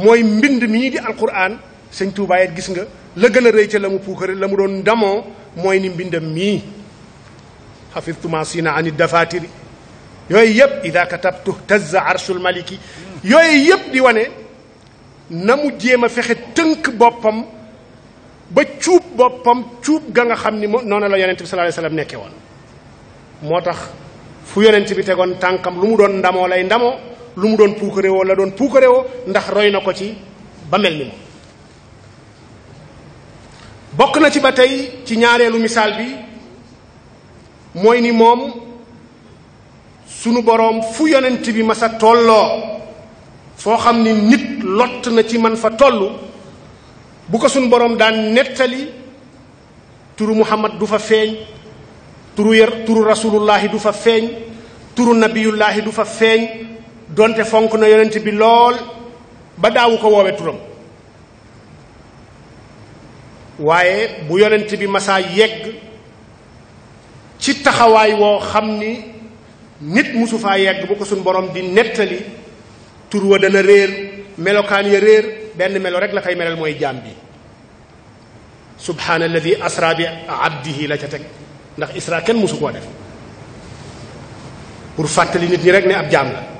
mooy mbind mii di alquran sëñ Tuubaa gis nga la gën a rëy ca la mu puukare la mu doon ndamoo mooy ni mbindam mii xafidtuma na ani dafatiri yooyu yëpp ida katabtu tazza maliki yooyu yëpp di wane na mu jéem a fexe tënk boppam ba cuub boppam cuub ga nga xam ni noonu la yonent bi sallallahu alayhi wasallam nekke woon moo tax fu yonent bi tegoon tànkam lu mu doon ndamoo lay ndamoo lu mu doon puukare woo la doon puukare ndax roy na ko ci ba mel ni moom bokk na ci ba tey ci ñaareelu misaal bi mooy ni moom sunu boroom fu yonent bi ma sa tolloo foo xam ni nit lott na ci man fa toll bu ko sunu boroom daan nettali turu muhammad du fa feeñ turu yar turu rasulullahi du fa feeñ turu nabiyullahi du fa feeñ donte fonk na yonent bi lool ba daawu ko woowe turam waaye bu yonent bi masaa yegg ci taxawaay woo xam ni nit musu yegg bu ko suñ boroom di nettali tur wa dana réer melokaan ya réer benn melo rek la koy melal mooy jaam bi subhaana alladi asra bi abdihi la ca teg ndax isra kenn musu koo def pour fàttali nit ñi rek ne ab jaam la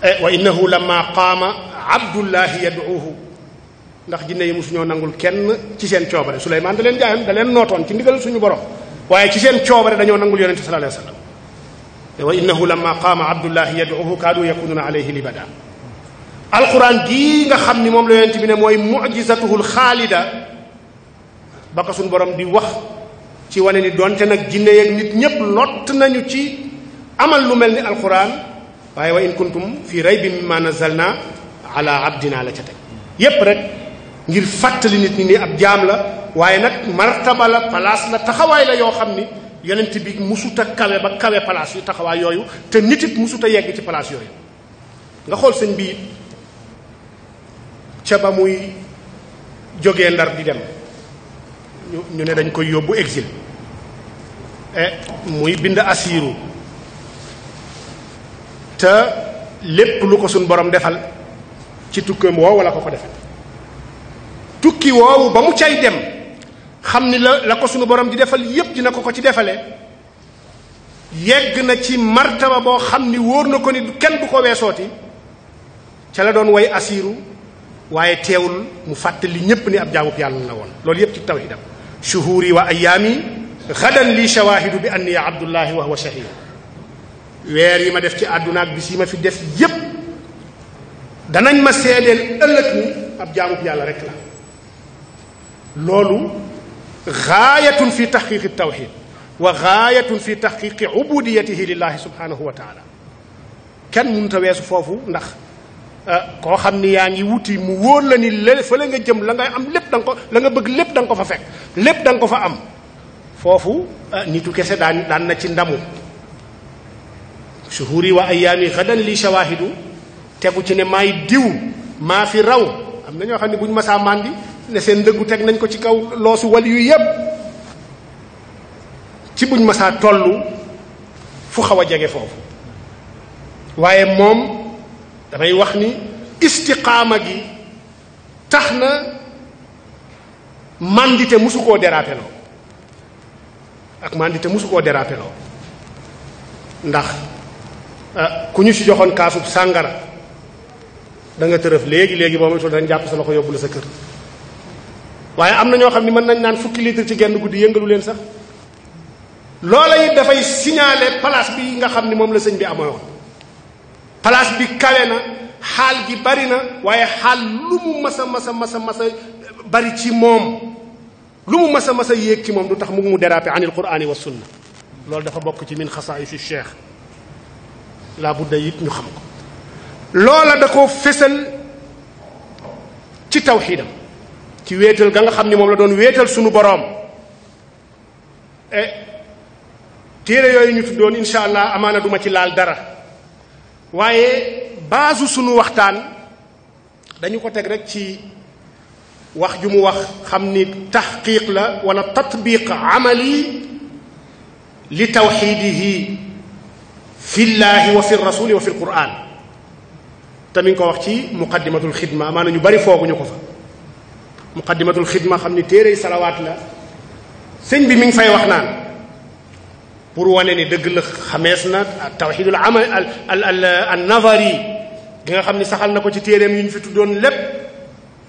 Eh, wa innahu lamma qaama abdullahi yaduuhu ndax jinne yi mosuñoo nangul kenn ci seen coobare suleymaan da leen jaayoon da leen nootoon ci ndigal suñu borom waaye ci seen coobare dañoo nangul yonente sallallahu alayhi wasallam eh, wa innahu lamma qaama abdullahi yaduuhu kaadu yakununa alayhi libada alquran gii nga xam ni moom la yonente bi ne mooy mujisatuhul xaalida ba ko suñu borom di wax ci wane ni donte nag jinne yeeg nit ñépp lott nañu ci amal lu mel ni alquran waaye wa in kuntum fii raybin mimma naa ala abdina la ca teg yépp rek ngir fàttali nit ñi ni ab jaam la waaye nag martaba la place la taxawaay la yoo xam ni yonent bi musuta kawe ba kawe place yu taxawaay yooyu te nit it musuta yegg ci place yooyu nga xool sëñ bi ca ba muy jógee ndar di dem ñu ne dañ koy yóbbu exil eh, muy bind asiiru te lépp lu ko suñu borom defal ci tukkeem woowu la ko ko defal tukki woowu ba mu cay dem xam ni la la ko suñu borom di defal yépp dina ko ko ci defale yegg na ci martaba boo xam ni wóor na ko ni kenn du ko weesooti ca la doon way asiiru waaye teewul mu fàttali ñépp ni ab jaamub yàlla la woon loolu yépp ci tawhidam shuhuri wa ayaami gadan li shawahidu bi anniya abdullahi wa huwa shahid weer yi ma def ci àdduna bi bis ma fi def yépp danañ ma seedeel ëllëg ni ab jaamub yàlla rek la loolu gaayatun fi taxqiqi tawxid wa gaayatun fi taxqiqi ubudiyatihi lillahi subhanahu wa taala kenn mënuta weesu foofu ndax euh, koo xam ni yaa ngi wuti mu wóor la ni lé fa la nga jëm la ngay am lépp da ko la nga bëgg lépp danga ko fa fekk lépp da ko fa am foofu euh, nitu kese daan daan na ci ndamu shuhuri wa ayyaami xadan lii shawaahidu tegu ci ne maay diw maa fi raw am na ñoo xam ne bu masaa màndi ne seen ndëggu teg nañ ko ci kaw loosu wal yu yépp ci buñ masaa toll fu xaw a jege foofu waaye moom damay wax ni istiqaama gi tax na mandite musu koo dérapeloo ak mandite musu koo dérapeloo ndax Ah, ku ñu si joxoon kaasub sàngara danga nga tërëf léegi léegi moom moytuwul dañ jàpp sa ko yóbbu la sa kër waaye am na ñoo xam ne mën nañ naan fukki litre ci genn guddi yëngalu leen sax loola it dafay signaler place bi nga xam ni moom la sëñ bi amoon place bi kawe na xaal gi bari na waaye xaal lu mu masa masa masa bari ci moom lu mu masa masa yéeg ci moom du tax mu mu déraper anil qurani wa sunna loolu dafa bokk ci min xasaayisu cheikh laa budda it ñu xam ko loola da ko fésal ci tawxiidam ci wéetal ga nga xam ni moom la doon wéetal sunu boroom e yooyu ñu tuddoon insha allah duma ci laal dara waaye baasu sunu waxtaan dañu ko teg rek ci wax ju mu wax xam ni tax taxqiiq la wala tatbiq amali li tawxiidihi fillaahi wa fi rasuli wa fi alquran te mi ngi ko wax ci muqaddimatul xidma maanaam ñu bari fooguñu ko fa muqaddimatul xidma xam ni téere salawaat la sëñ bi mi ngi fay wax naan pour wane ni dëgg la xamees na tawxidul amal al al al nazari gi nga xam ni saxal na ko ci téereem yu ñu fi tuddoon lépp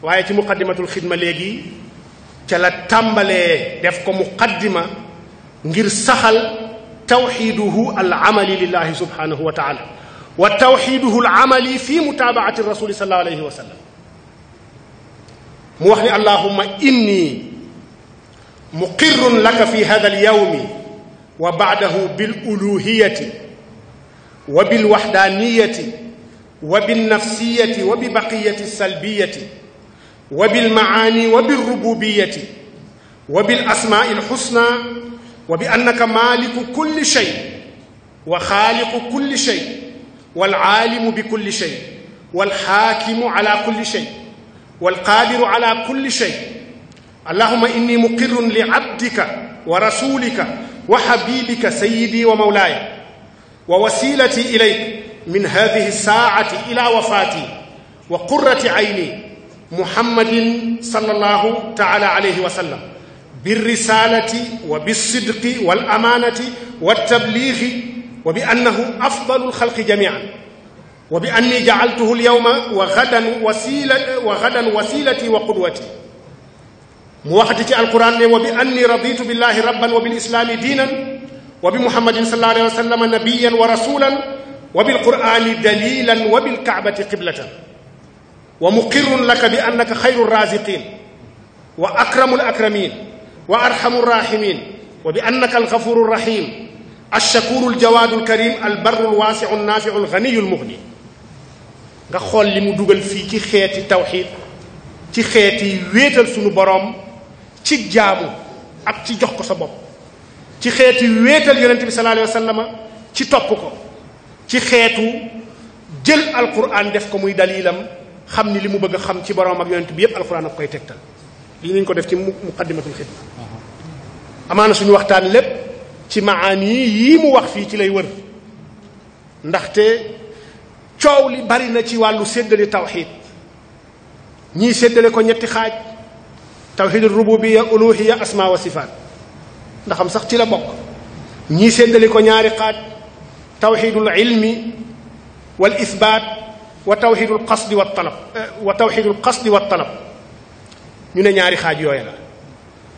waaye ci muqaddimatul xidma léegi ca la tàmbalee def ko muqaddima ngir saxal tawxiduhu al amali lillahi subhanahu wa taala wa tawxiduhu al amali fi mutaabaati rasuli sallallahu alayhi wa sallam mu wax ni allahuma inni muqirrun laka fi hada al yawmi wa baadahu bil uluhiyati wa bil waxdaaniyati wa bin nafsiyati wa bi baqiyati salbiyati wa bil maani wa bir rububiyati wa bil asmaa al xusna wa bi annaka maaliku kulli shay wa xaaliqu kulli shay wal aalimu bi kulli shay wal xaakimu ala kulli shay wal qaadiru ala kulli shay allahuma inni muqirrun li abdika wa rasulika wa xabibika sayidi wa mawlaaya wa wasilati ilayk min hadihi saacati ila wafaati wa qurrati ayni muhammadin sallallahu taala alayhi wa sallam bi risaalati wa bi sidqi wal amaanati wa tabliixi wa bi annahu afdalul xalqi jamian wa bi anni jacaltuhu lyawma wa gadan wasila wa gadan wasilati wa qudwati mu waxati ci alquran ne wa bi anni raditu billahi rabban wa bilislaami diinan wa bi muhammadin sallallahu alayhi wa sallama nabiyan wa rasulan wa bilqurani dalilan wa bilkaabati qiblatan wa muqirun laka bi annaka xayru raziqin wa akramul akramin wa arhamu rahimin wa bi annaka alghafuru rahim alshakuru aljawaadu alkarim albarru alwaasiu alnaafiu alghaniyu almughni nga xool li mu dugal fii ci xeeti tawxid ci xeeti wéetal sunu boroom ci jaamu ak ci jox ko sa bopp ci xeeti wéetal yonente bi sallallahu alayhi wa sallama ci topp ko ci xeetu jël alquran def ko muy dalilam xam ni li mu bëgg xam ci boroom ak yonent bi yépp alquran ak koy tegtal dinañ ko def ci muqaddimatul xidma amaana suñu waxtaan lépp ci maani yii mu wax fii ci lay wër ndaxte coow li bari na ci wàllu séddale tawxid ñii séddale ko ñetti xaaj tawxidul rububiya uluhiya asma wa sifaat ndaxam sax ci la bokk ñii séddale ko ñaari xaaj tawxidul ilmi wal isbaat wa tawxidul qasdi wa talab wa tawxidul qasdi wa ñu ne ñaari xaaj yooy la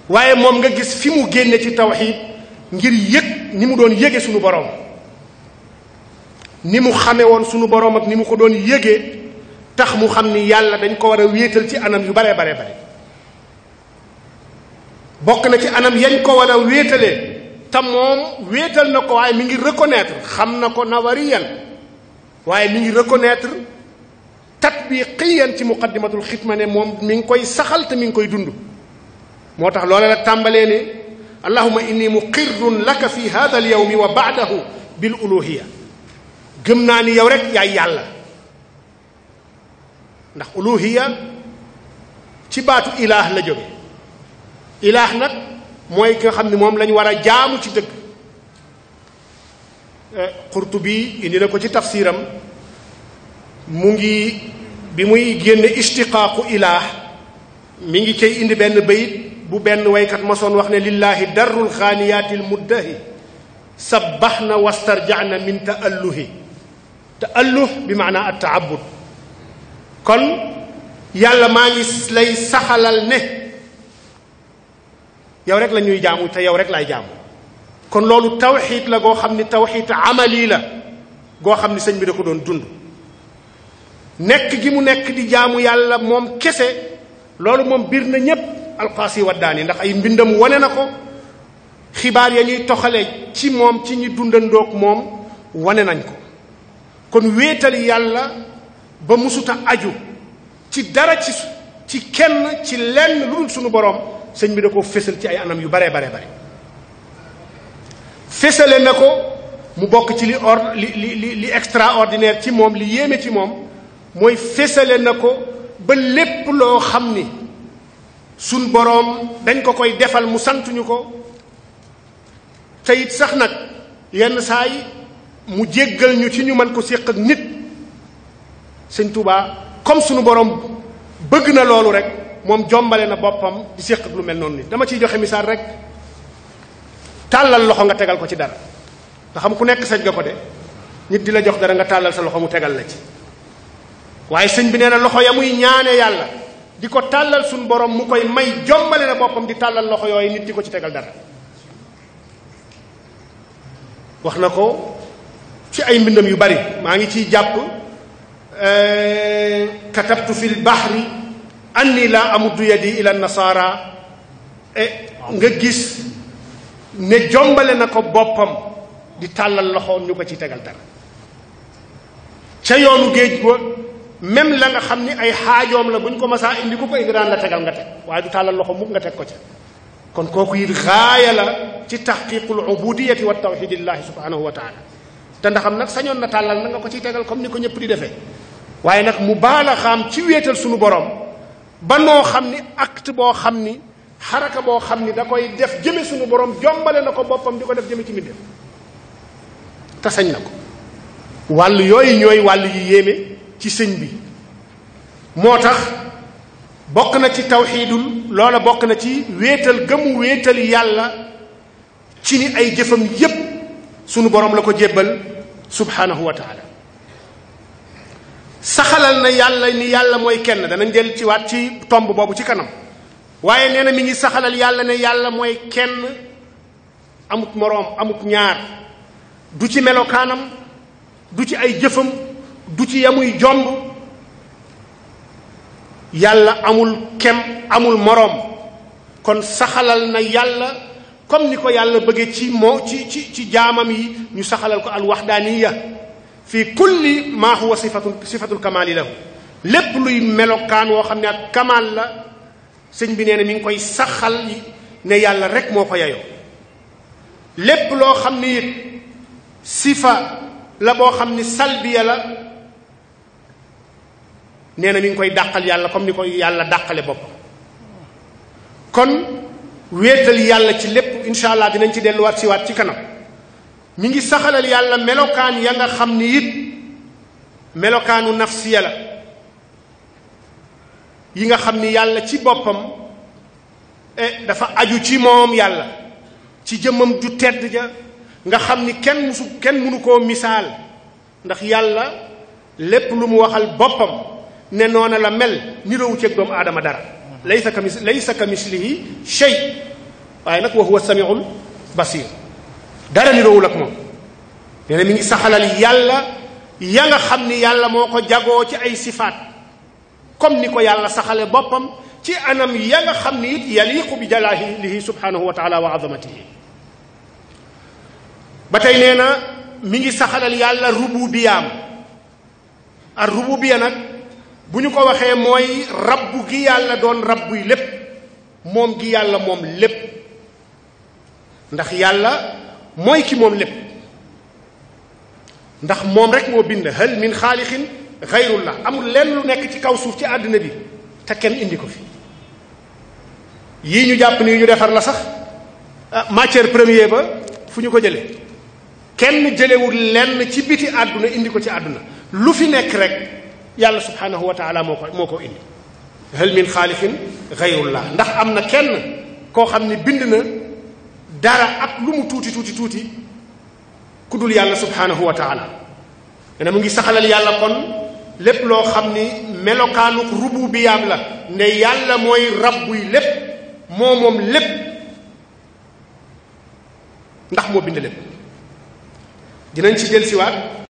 waaye moom nga gis fi mu génne ci tawxiid ngir yëg ni mu doon yëge suñu boroom ni mu xame woon suñu boroom ak ni mu ko doon yëgee tax mu xam ni yàlla dañ ko war a wéetal ci anam yu bare bare bare bokk na ci anam yañ ko war a wéetalee te moom wéetal na ko waaye mi ngi reconnaître xam na ko nawariyan waaye mi ngi reconnaître tatbiqiyan ci muqaddimatul xitma ne moom mi ngi koy saxal te mi ngi koy dund moo tax loola la tàmbalee ne allahuma inni muqirrun laka fi hada al yawmi wa baadahu bil uluhiya gëm naa ni yow rek yàlla ndax uluhiya ci baatu ilaah la jóge ilaah nag mooy nga xam ne moom lañu war a jaamu ci dëgg xurtu eh, bi indi na ko ci tafsiram mu ngi bi muy génn istiqaaku ilaah mi ngi cay indi benn bayit bu benn waykat mosoon wax ne lillaahi darrul xaaniyaatil muddahi sabbaxna wastarjana min taalluhi taalluf bi maanaa at taabud kon yàlla maa ngi lay saxalal ne yow rek lañuy ñuy jaamu te yow rek laay jaamu kon loolu tawxiid la goo xam ni tawxiid amali la goo xam ni sëñ bi da ko doon dund nekk gi mu nekk di jaamu yàlla moom kese loolu moom biir na ñépp alqaasi waddaani ndax ay mbindam wane na ko xibaar ya ñuy toxale ci moom ci ñi dundandoog moom wane nañ ko kon wéetal yàlla ba musuta aju ci dara ci ci kenn ci lenn lu dul sunu borom sëñ bi da ko fésal ci ay anam yu bare bare bare fésale na ko mu bokk ci li or li li li extraordinaire ci moom li yéeme ci moom mooy fésale na ko ba lépp loo xam ni suñ boroom dañ ko koy defal mu santuñu ko te sax nag yenn saa yi mu jéggal ñu ci ñu mën ko séq nit sëñ tubaa comme sunu boroom bëgg na loolu rek moom jombale na boppam di séq lu mel noonu nit dama ciy joxe misaal rek tàllal loxo nga tegal ko ci dara nga xam ku nekk sañ nga ko de nit di la jox dara nga tàllal sa loxo mu tegal na ci waaye sëñ bi nee na loxo ya muy ñaane yàlla di ko tàllal suñ borom mu koy may jombale na boppam di tàllal loxo yooyu nit di ko ci tegal dara wax na ko ci ay mbindam yu bari maa ngi ciy jàpp eh, katabtu fi lbahri anni la amuddu yadi ila nasara e eh, nga gis ne jombale na ko boppam di tàllal loxo ñu ko ci tegal dara ca yoonu géej même la nga xam ni ay xaajoom la bu ñu ko masaa indi ku ko indi daan la tegal nga teg waaye du tàllal loxo mukk nga teg ko ca kon kooku it xaaya la ci taxqiqul ubudiyati wa tawxidillahi subhanahu wa taala te ndaxam nag sañoon na tàllal na nga ko ciy tegal comme ni ko ñëpp di defee waaye nag mu baala xaam ci wéetal suñu borom ba noo xam ni akt boo xam ni xaraka boo xam ni da koy def jëme suñu borom jombale na ko boppam di ko def jëme ci mbindéef te sañ na ko wàll yooyu ñooy wàll yi yéeme ci sëñ bi moo tax bokk na ci tawxiidul loola bokk na ci wéetal gëmu wéetal yàlla ci ni ay jëfam yépp sunu boroom la ko jébbal subhaanahu wa taala saxalal na yàlla ni yàlla mooy kenn danañ jël ci waat ci tomb boobu ci kanam waaye nee na mi ngi saxalal yàlla ne yàlla mooy kenn amut moroom amut ñaar du ci melokaanam du ci ay jëfam du ci yamuy jomb yàlla amul kem amul moroom kon saxalal na yàlla kom ni ko yàlla bëggee ci moo ci ci ci jaamam yi ñu saxalal ko al waxdaaniya fi kulli maa huwa sifatu sifatul kamaali lahu lépp luy melokaan woo xam ne ak kamaal la sëñ bi nee na mi ngi koy saxal ne yàlla rek moo ko yayoo lépp loo xam ne it sifa la boo xam ni salbiya la nee na mi ngi koy dàqal yàlla comme ni koy yàlla dàqale bopp kon wéetal yàlla ci lépp incha allah dinañ ci delluwaat si waat ci kanam mi ngi saxalal yàlla melokaan ya nga xam ni it melokaanu nafsiya la yi nga xam ni yàlla ci boppam eh, dafa aju ci moom yàlla ci jëmmam ju tedd ja nga xam ni kenn musu kenn mënu koo misaal ndax yàlla lépp lu mu waxal boppam ne noona la mel niroowu ceeg doomu aadama dara laysa ka mis laysa ka mislihi shay waaye nag wa huwa samiul basir dara niroowul ak moom nee na mi ngi saxalal yàlla ya nga xam ni yàlla moo jagoo ci ay sifaat comme ni ko yàlla saxale boppam ci anam ya nga xam ni it yaliqu bi jalalihi subhanahu wa taala wa na mi ngi saxalal yàlla rububiyaam ar rububiya nag bu ñu ko waxee mooy rabbu gi yàlla doon rabbuy lépp moom gi yàlla moom lépp ndax yàlla mooy ki moom lépp ndax moom rek moo bind hal min xaalixin xayrullah amul lenn lu nekk ci kaw suuf ci àddina bi te kenn indi ko fi yii ñu jàpp nii ñu defar la sax ah, matière premier ba fu ñu ko jële kenn jëlewul lenn ci biti àdduna indi ko ci àdduna lu fi nekk rek yàlla subhanahu wa moo ko moo ko indi hal min xaalixin ndax am na kenn koo xam ne bind na dara ak lu mu tuuti tuuti tuuti ku dul yàlla subhanahu wa taala mu ngi saxalal yàlla kon lépp loo xam ni melokaanuk rububiyaam la ne yàlla mooy rabbuy lépp moo moom lépp ndax moo bind lépp dinañ ci dellusiwaat